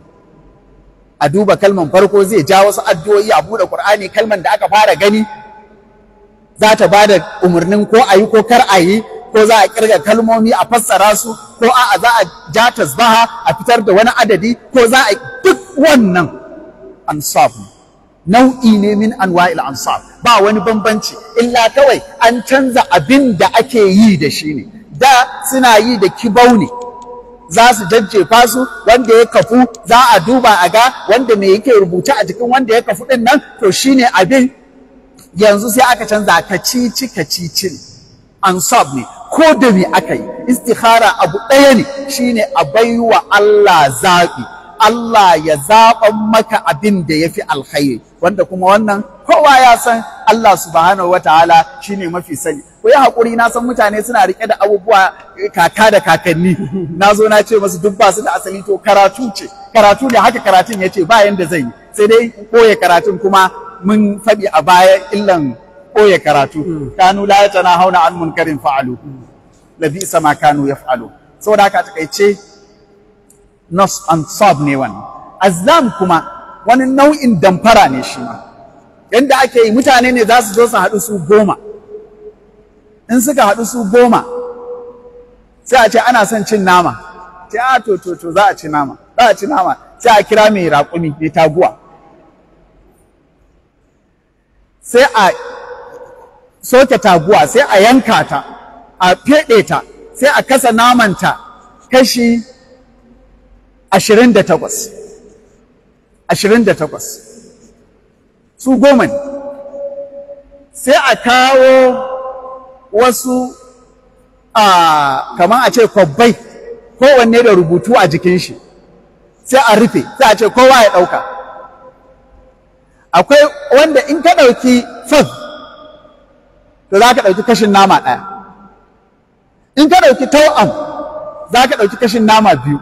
A: a duba kalman farko zai ja wasu addu'o'i a buɗe ƙur'ani kalman da aka fara gani za ta ba da umarnin ko a yi ko kar a yi ko za a kirga kalmomi a fassara su ko a'a za a ja tasbaha a fitar da wani adadi ko za a duk wannan an sabu nau'i ne min wa'il ansar ba wani bambanci illa kawai an canza abin da ake yi da shi ne da suna yi da kibau ne za su jajjefa su wanda ya kafu za a duba a ga wanda me yake rubuta a jikin wanda ya kafu din nan to shine abin yanzu sai aka canza kacici kacicin ansab ne ko da me aka yi istikhara abu ɗaya ne shine a baiwa Allah zaɓi Allah ya zaɓa maka abin da ya fi alkhairi wanda kuma wannan kowa ya san Allah subhanahu shi shine mafi sani ku yi hakuri na san mutane suna rike da abubuwa eh, kaka da kakanni na zo na ce masu duk ba su da asali to karatu ce karatu ne haka karatun ya ce ba yanda zai yi sai dai ɓoye karatun kuma mun faɗi a baya illan ɓoye karatu hmm. kanu la yatana hauna an munkarin fa'alu labi isa ma kanu Sau saboda haka takaice nas ansab ne wannan azlam kuma wani nau'in damfara ne shi ma yadda ake yi mutane ne za su zo su haɗu su goma in suka haɗu su goma sai a ce ana son cin nama ce a to to to za a ci nama za a ci nama sai a kira mai raƙumi mai taguwa sai a soke taguwa sai a yanka ta a feɗe ta sai a kasa namanta kashi ashirin da takwas ashirin da takwas su goma ne sai a kawo wasu a kamar a ce kwabbai kowanne da rubutu a jikin shi sai a rufe sai a ce kowa ya ɗauka akwai wanda in ka ɗauki fuf to za ka ɗauki kashin nama ɗaya in ka ɗauki tau'am za ka ɗauki kashin nama biyu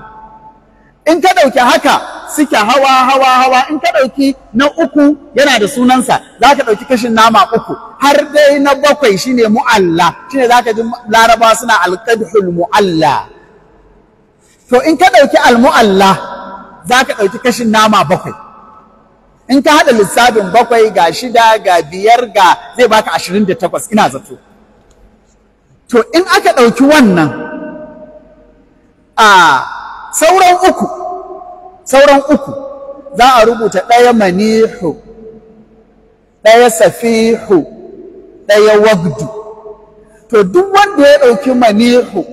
A: in ka ɗauki haka suke hawa hawa hawa in ka ɗauki na uku yana da sunansa za ka ɗauki kashin nama uku har dai na bakwai shine mu'alla shine za ka ji laraba suna alƙadhul mu'alla to in ka ɗauki almu'alla za ka ɗauki kashin nama bakwai in ka haɗa lissafin bakwai ga shida ga biyar ga zai baka ashirin da takwas ina zato to in aka ɗauki wannan a sauran uku sauran uku za a rubuta ɗaya manihu ɗaya safihu ɗaya wagdu to duk wanda ya ɗauki manihu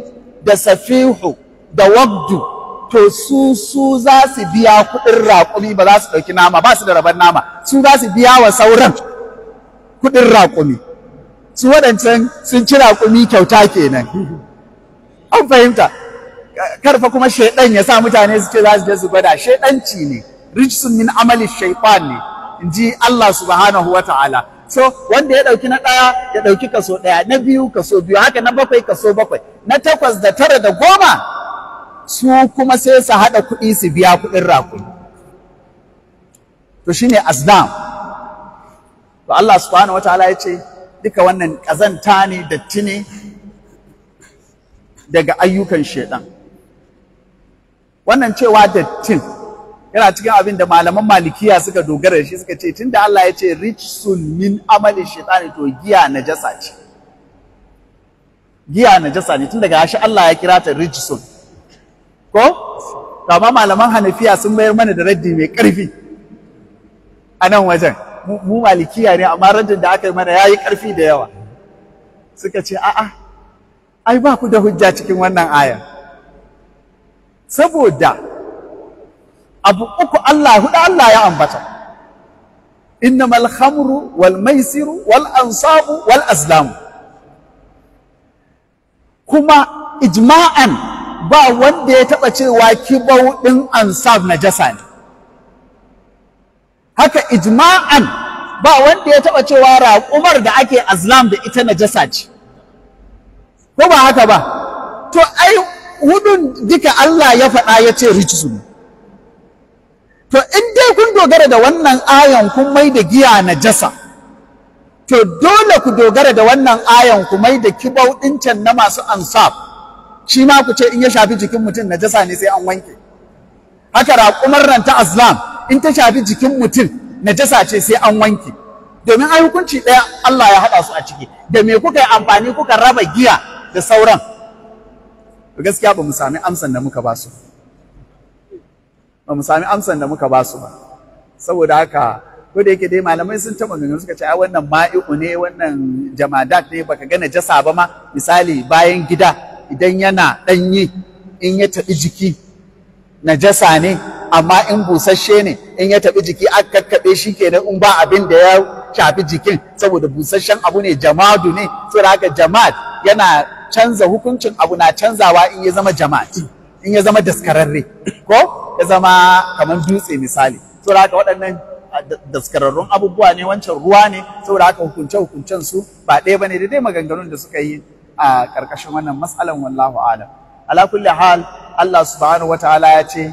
A: da safihu da wagdu to su su za su biya kuɗin raƙumi ba za su ɗauki nama ba su da rabar nama su za su biya wa sauran kuɗin raƙumi su waɗancan sun ci raƙumi kyauta kenan an fahimta karfa kuma shaidan ya sa mutane su ce za su je su gwada shaidanci ne rijsun min amali shaitan ne in ji Allah subhanahu wa ta'ala so wanda ya dauki na daya ya dauki kaso daya na biyu kaso biyu haka na bakwai kaso bakwai na takwas da tara da goma su kuma sai su hada kuɗi su biya kuɗin rakun to shine asdam to Allah subhanahu wa ta'ala ya ce duka wannan kazanta ne datti ne daga ayyukan shaidan wannan cewa dattin yana cikin abin da malaman malikiya suka dogara shi suka ce tunda Allah ya ce sun min amali shaitani to giya na jasa ce giya na jasa ne tun daga shi Allah ya kira ta sun ko to amma malaman hanafiya sun bayar mana da raddi mai karfi a nan wajen mu malikiya ne amma raddin da aka yi mana yayi karfi da yawa suka ce a'a ai ba ku da hujja cikin wannan ayar saboda abu uku Allah huɗu Allah ya ambata innamal khamru wal maisiru wal ansabu wal azlamu kuma ijma'an ba wanda ya taɓa cewa kibau ɗin ansab na jasa ne haka ijma'an ba wanda ya taɓa cewa raƙumar da ake azlam da ita na jasa ce ko ba haka ba to ai hudun duka Allah ya faɗa ya ce rijisu to in dai kun dogara da wannan ayan kun mai da giya na jasa to dole ku dogara da wannan ayan ku mai da kibau ɗincan na masu ansaf shi ma ku ce in ya shafi jikin mutum na jasa ne sai an wanke haka raƙumar nan ta aslam in ta shafi jikin mutum na jasa ce sai an wanke domin ai hukunci ɗaya Allah ya haɗa su a ciki da me kuka yi amfani kuka raba giya da sauran gaskiya ba mu sami amsan da muka ba su ba mu sami amsan da muka ba su ba saboda haka ko da yake dai malamai sun taba gani suka ce ai wannan ma'i'u ne wannan jamadat ne baka gane jasa ba ma misali bayan gida idan yana ɗanyi in ya tabi jiki najasa ne amma in busasshe ne in ya tabi jiki aka kakkabe shi kenan in ba abin da ya shafi jikin saboda busasshen abu ne jamadu ne saboda haka jamad yana canza hukuncin abu na canzawa in ya zama jama'i in ya zama daskararre ko ya zama kamar dutse misali saboda haka waɗannan ah, daskararrun abubuwa ne wancan ruwa ne saboda haka hukunce hukuncen su ba ɗaya bane da dai maganganun da suka yi a ƙarƙashin wannan matsalan wallahu alam ala kulli hal Allah subhanahu wataala ya ce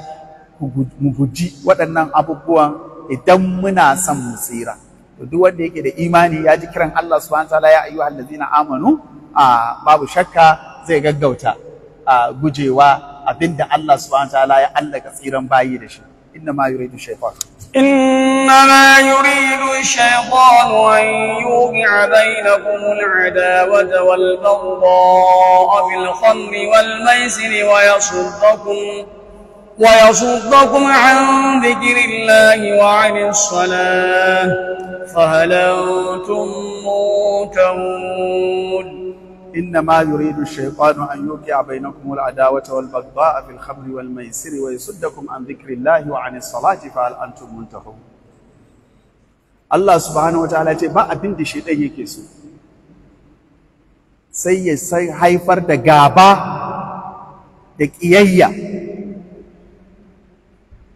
A: mu guji waɗannan abubuwan idan muna son mu tsira duk wanda yake da imani ya ji kiran Allah subhanahu wataala ya ayyuhal ladzina amanu babu shakka zai gaggauta gujewa abinda Allah subhanahu wataala ya allaka tsiran bayi da shi إنما يريد الشيطان إنما
B: يريد الشيطان
A: أن يوقع بينكم العداوة
B: والبغضاء في الخمر والميسر ويصدكم ويصدكم عن ذكر الله وعن الصلاة
A: فهل أنتم منتهون إنما يريد الشيطان أن يوقع بينكم العداوة والبغضاء في الخمر والميسر ويصدكم عن ذكر الله وعن الصلاة فهل أنتم منتهون Allah subhanahu wa ta'ala ce ba abin da shi ɗan yake so sai ya sai haifar da gaba da ƙiyayya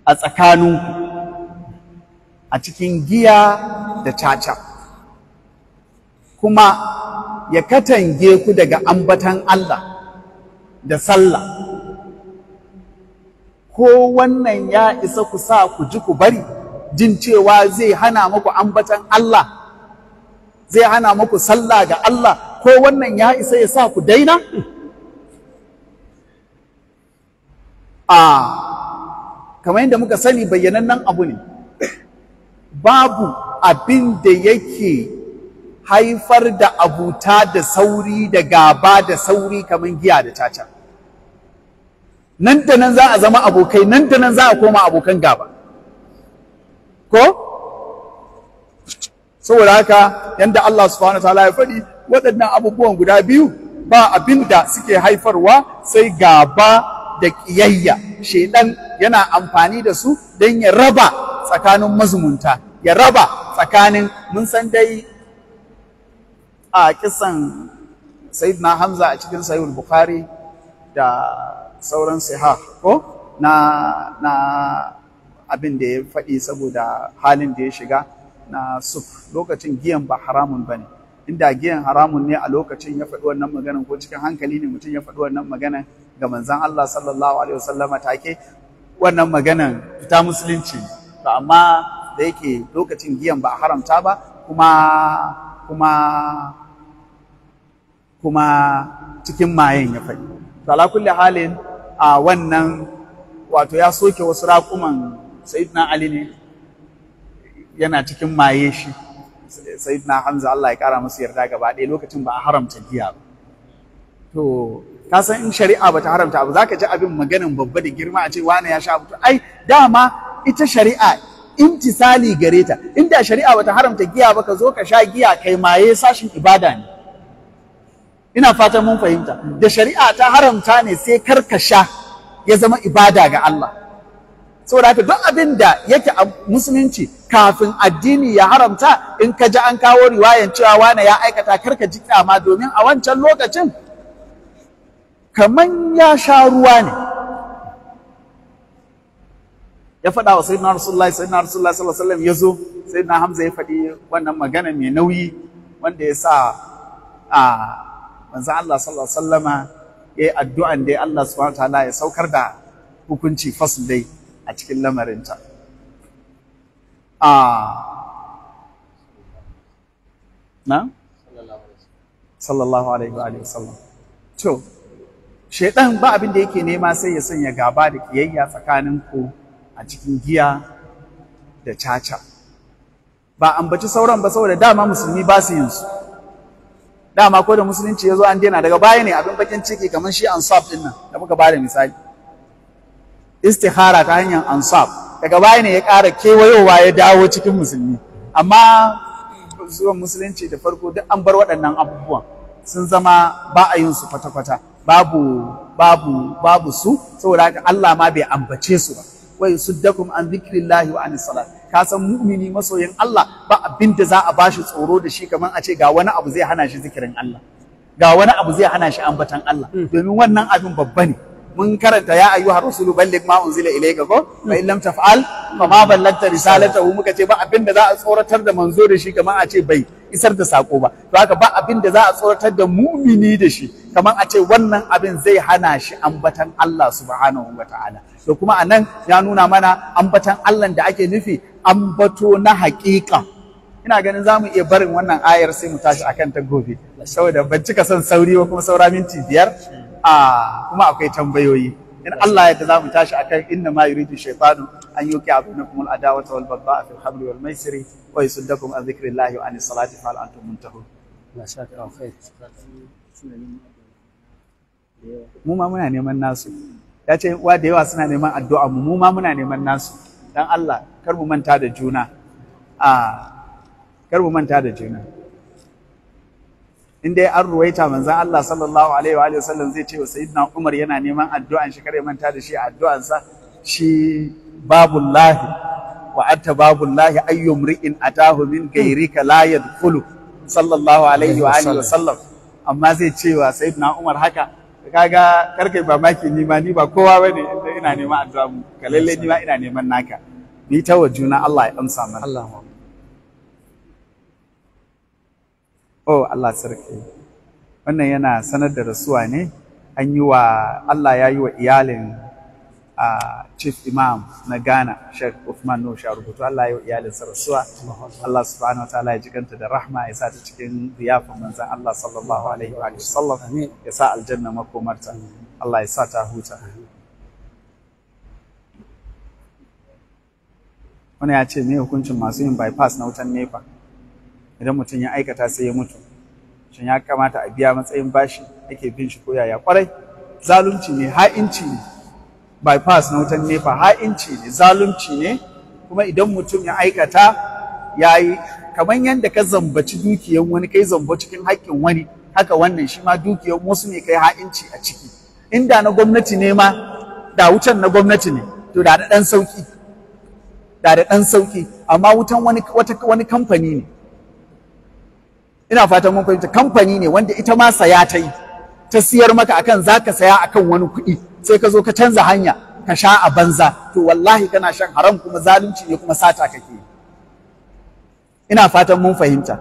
A: a tsakaninku a cikin giya da caca kuma ya katange ku daga ambatan Allah da sallah ko wannan ya isa ku sa ku ji ku bari jin cewa zai hana muku ambatan Allah zai hana muku sallah ga Allah ko wannan ya isa ya sa ku daina a kamar yadda muka sani bayyanannen abu ne babu abin da yake haifar da abuta da sauri da gaba da sauri kamar giya da caca nan da nan za a zama abokai nan da nan za a koma abokan gaba ko saboda haka yadda Allah subhanahu wataala ya faɗi waɗannan abubuwan guda biyu ba abin da suke haifarwa sai gaba da ƙiyayya shaiɗan yana amfani da su don ya raba tsakanin mazumunta ya raba tsakanin mun san dai a kisan na hamza a cikin sahihul bukhari da sauran siha ko na na abin da ya faɗi saboda halin da ya shiga na suf lokacin giyan ba haramun bane inda giyan haramun ne a lokacin ya faɗi wannan maganan ko cikin hankali ne mutum ya faɗi wannan maganan ga manzon Allah sallallahu alaihi wasallama take wannan maganan fita musulunci to amma da yake lokacin giyan ba a haramta ba kuma kuma kuma cikin mayen ya faɗi to ala kulli halin a wannan wato ya soke wasu raƙuman sayyidina ali ne yana cikin maye shi sayyidina hamza Allah ya kara masa yarda gaba ɗaya lokacin ba a haramta giya ba to ka san in shari'a ba ta haramta abu ka ji abin maganin babba da girma a ce wani ya sha abu ai dama ita shari'a Intisali gare ta inda shari'a bata haramta giya ba ka zo ka sha giya kai maye sashin ibada ne ina fatan mun fahimta da shari'a ta haramta ne sai kar ka sha ya zama ibada ga Allah saboda haka duk abin da yake a musulunci kafin addini ya haramta in ka ji an kawo riwayan cewa wane ya aikata kar ka ji kyama domin a wancan lokacin kaman ya sha ruwa ne ya faɗa wa sayyidina rasulullahi sayyidina rasulullahi sallallahu alaihi wasallam ya zo sayyidina hamza ya faɗi wannan magana mai nauyi wanda ya sa a manzo Allah sallallahu alaihi wasallama ya yi addu'an dai Allah subhanahu wataala ya saukar da hukunci fasl dai a cikin lamarinta a na sallallahu alaihi wa sallam to shedan ba abin da yake nema sai ya sanya gaba da kiyayya tsakanin ku a cikin giya da caca ba ambaci sauran ba saboda dama musulmi ba su yin su dama ko da musulunci ya zo an daina daga baya ne abin bakin ciki kamar shi ansaf din nan da muka bada misali istihara ta hanyar ansaf daga baya ne ya ƙara kewayowa ya dawo cikin musulmi amma zuwan musulunci da farko duk an bar waɗannan abubuwan sun zama ba a yin su kwata-kwata babu babu babu su saboda haka Allah ma bai ambace su ba wa yusuddakum an dhikrillahi wa anis salat ka san mu'mini masoyin Allah ba abin da za a bashi tsoro da shi kaman a ce ga wani abu zai hana shi zikirin Allah ga wani abu zai hana shi ambatan Allah hmm. domin wannan abin babba ne mun karanta ya ayyuhar rasulu balligh ma unzila ilayka ko fa in lam taf'al fa ma ballagta risalatahu muka ce ba abin da za a tsoratar da manzo da shi kamar a ce bai isar da sako ba to haka ba abin da za a tsoratar da mumini da shi kamar a ce wannan abin zai hana shi ambatan Allah subhanahu wataala da kuma anan ya nuna mana ambatan Allah da ake nufi ambato na haƙiƙa ina ganin za mu iya barin wannan ayar sai mu tashi akan ta gobe saboda ban cika son sauri ba kuma saura minti biyar a kuma akwai tambayoyi in Allah ya za mu tashi akan inna ma yuridu shaytanu an yuqi abunakum al adawata wal baghdha fi al khamri wal maisiri wa yasuddakum an dhikrillahi wa anis salati fa antum muntahun na shaka khair mu ma muna neman nasu ya ce wa da yawa suna neman addu'a mu mu ma muna neman nasu dan Allah kar mu manta da juna a kar mu manta da juna in dai an ruwaita manzan Allah sallallahu alaihi wa sallam zai ce wa sayyidina Umar yana neman addu'an shi kare manta da shi addu'ansa shi babullahi wa atta babullahi ayyu mri'in atahu min ka la yadkhulu sallallahu alaihi wa alihi wa sallam amma zai ce wa sayyidina Umar haka kaga karkai maki ni ma ni ba kowa bane ina neman addu'a mu ka lalle ni ma ina neman naka ni ta wajuna Allah ya amsa mana oh Allah sarki wannan yana sanar da rasuwa ne an yi wa Allah ya yi wa iyalin uh, chief imam na Ghana Sheikh Uthman no rubutu Allah ya yi wa iyalin sa rasuwa Allah subhanahu wa ta'ala ya jikanta da rahma ya sa ta cikin ziyafin manzon Allah sallallahu alaihi wa sallam ya sa aljanna makomarta Allah ya sa ta huta wani ya ce me hukuncin masu yin bypass na wutan nefa idan mutum ya aikata sai ya mutu shin ya kamata a biya matsayin bashi ake bin shi koyaya yaya kwarai zalunci ne ha'inci ne bypass na wutan nefa ha'inci ne zalunci ne kuma idan mutum ya aikata ya yi kamar yadda ka zambaci dukiyan wani kai zamba cikin haƙƙin wani haka wannan shi ma dukiyan wasu ne kai ha'inci a ciki inda na gwamnati ne ma da wutan na gwamnati ne to da da ɗan sauki da da ɗan sauki amma wutan wani kamfani ne ina fatan mun fahimta kamfani ne wanda ita ma saya ta yi ta siyar maka akan zaka saya akan wani kuɗi sai ka zo ka canza hanya ka sha a banza to wallahi kana shan haram kuma zalunci ne kuma sata kake ina fatan mun fahimta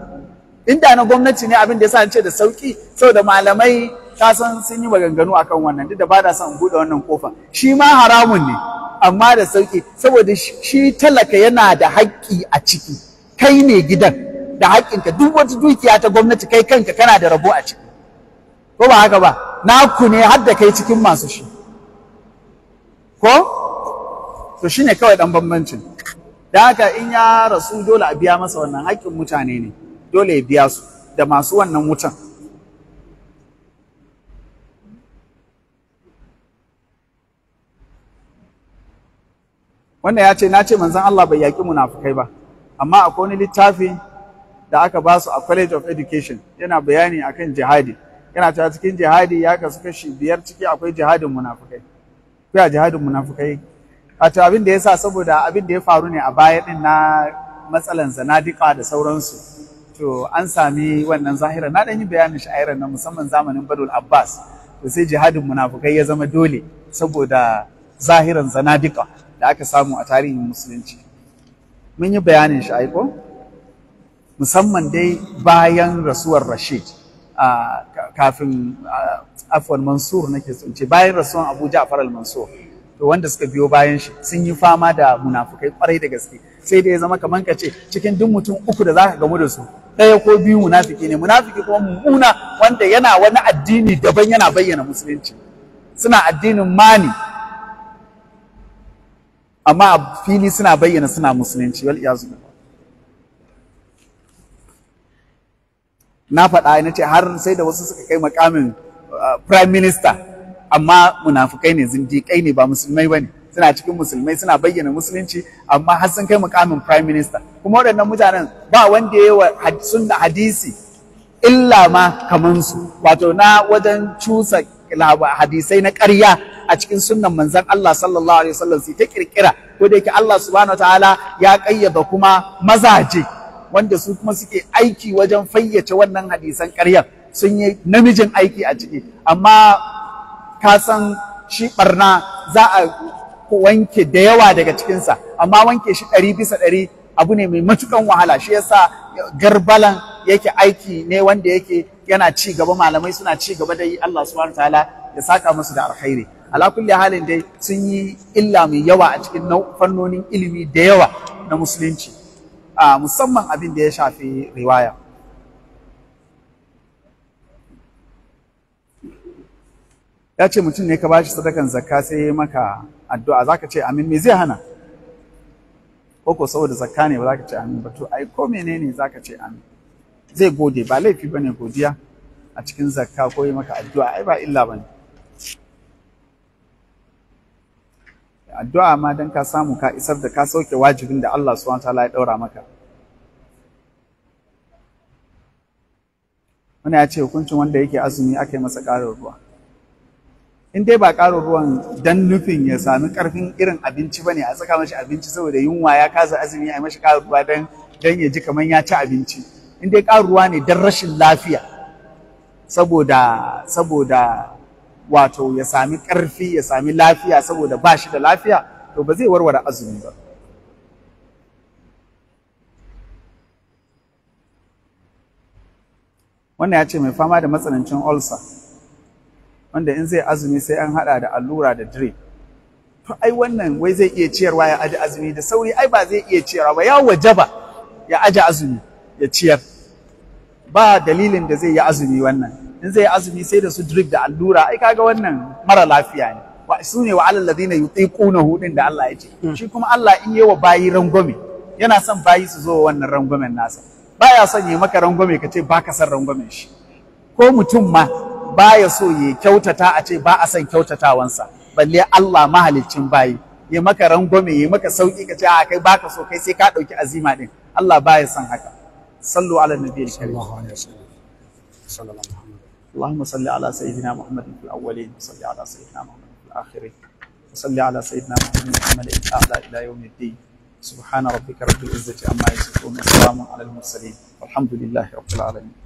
A: inda na gwamnati ne abin da yasa an ce da sauki saboda malamai ta san sun yi maganganu akan wannan duk da ba da son buɗe wannan kofa shi ma haramun ne amma da sauki saboda shi talaka yana da haƙƙi a ciki kai ne gidan da haƙƙinka duk wata dukiya ta gwamnati kai kanka kana da rabo a ciki ko ba haka ba naku ne har da kai cikin masu shi ko to shine kawai dan bambancin da haka in ya rasu dole a biya masa wannan haƙƙin mutane ne dole ya biya su da masu wannan wutan Wannan ya ce na ce manzon Allah bai yaƙi munafukai ba amma akwai wani littafi da aka ba su a College of Education yana bayani akan jihadi yana cewa cikin jihadi ya kasu kashi biyar ciki akwai jihadin munafukai kuya jihadin munafukai A ta abin da yasa saboda abin da ya faru ne a baya din na matsalan zanadika da sauransu to an sami wannan zahira na dan yi bayanin sha'irar na musamman zamanin Badul Abbas da sai jihadin munafukai ya zama dole saboda zahiran zanadika da aka samu a tarihin musulunci mun yi bayanin shi musamman dai bayan rasuwar Rashid kafin afwan Mansur nake so ce bayan rasuwar Abu Ja'far al-Mansur to wanda suka biyo bayan shi sun yi fama da munafukai kwarai da gaske sai da ya zama kamar ka ce cikin duk mutum uku da zaka gamu da su ɗaya ko biyu munafiki ne munafiki kuma mummuna wanda yana wani addini daban yana bayyana musulunci suna addinin mani amma a fili suna bayyana suna musulunci wal iyazu na faɗa na ce har sai da wasu suka kai makamin uh, prime minister amma munafukai ne zindiƙai ne ba musulmai ba ne suna cikin musulmai suna bayyana musulunci amma har sun kai mukamin prime minister kuma waɗannan mutanen ba wanda ya yi sunna hadisi illa ma kaman su wato na wajen cusa hadisai na ƙarya a cikin sunnan manzan Allah sallallahu alaihi wasallam su ta kirkira ko da yake Allah subhanahu ta'ala ya kayyada kuma mazaje wanda su kuma suke aiki wajen fayyace wannan hadisan ƙaryar sun yi namijin aiki a ciki amma ka san shi barna za a wanke da yawa daga cikinsa amma wanke shi ɗari bisa ɗari abu ne mai matukan wahala shi yasa garbalan yake aiki ne wanda yake yana ci gaba malamai suna ci gaba da yi Allah subhanahu ta'ala ya saka masu da alkhairi ala kulli halin dai sun yi illa mai yawa a cikin fannonin ilimi da yawa na musulunci a musamman abin da ya shafi riwaya ya ce mutum ne ka bashi sadakan zakka sai ya maka addu'a Za ka ce amin me zai hana ko saboda zakka ne ba za ka ce amin ba to ai ko menene ka ce amin zai gode ba laifi ba ne godiya a cikin zakka ko yi maka addu'a ai ba illa ba ne. addu'a ma dan ka samu ka isar da ka sauke wajibin da Allah subhanahu wataala ya daura maka wani ya ce hukuncin wanda yake azumi aka yi masa ƙarin ruwa in dai ba ƙarin ruwan dan nufin ya sami ƙarfin irin abinci ba ne a tsaka mashi abinci saboda yunwa ya kasa azumi a yi mashi ƙarin ruwa dan ya ji kamar ya ci abinci in dai ƙarin ruwa ne dan rashin lafiya saboda saboda wato ya sami ƙarfi ya sami lafiya saboda ba shi da lafiya to ba zai warware azumi ba wannan ya ce mai fama da matsanancin ulcer wanda in zai azumi sai an hada da allura da drip to ai wannan wai zai iya ciyarwa ya aji azumi da sauri ai ba zai iya ciyarwa ba ya wajaba ya aji azumi ya ciyar ba dalilin da zai yi azumi wannan in zai azumi sai da su drip da allura ai kaga wannan mara lafiya ne wa su wa alal ladina yutiquna din da Allah ya ce hmm. shi kuma Allah in yi wa bayi rangwame yana son bayi su zo wannan rangwamen nasa baya son yi maka rangwame ka ce baka son rangwamen shi ko mutum ma baya so ya kyautata a ce ba a son kyautatawansa balle Allah mahaliccin bayi ya maka rangwame ya maka sauki ka ce a kai baka so kai sai ka ɗauki azima din Allah baya son haka sallu ala nabiyil karim sallallahu alaihi wasallam اللهم صل على سيدنا محمد في الأولين وصل على سيدنا محمد في الآخرين وصل على سيدنا محمد العمل الأعلى إلى يوم الدين سبحان ربك رب العزة عما يصفون وسلام على المرسلين والحمد لله رب العالمين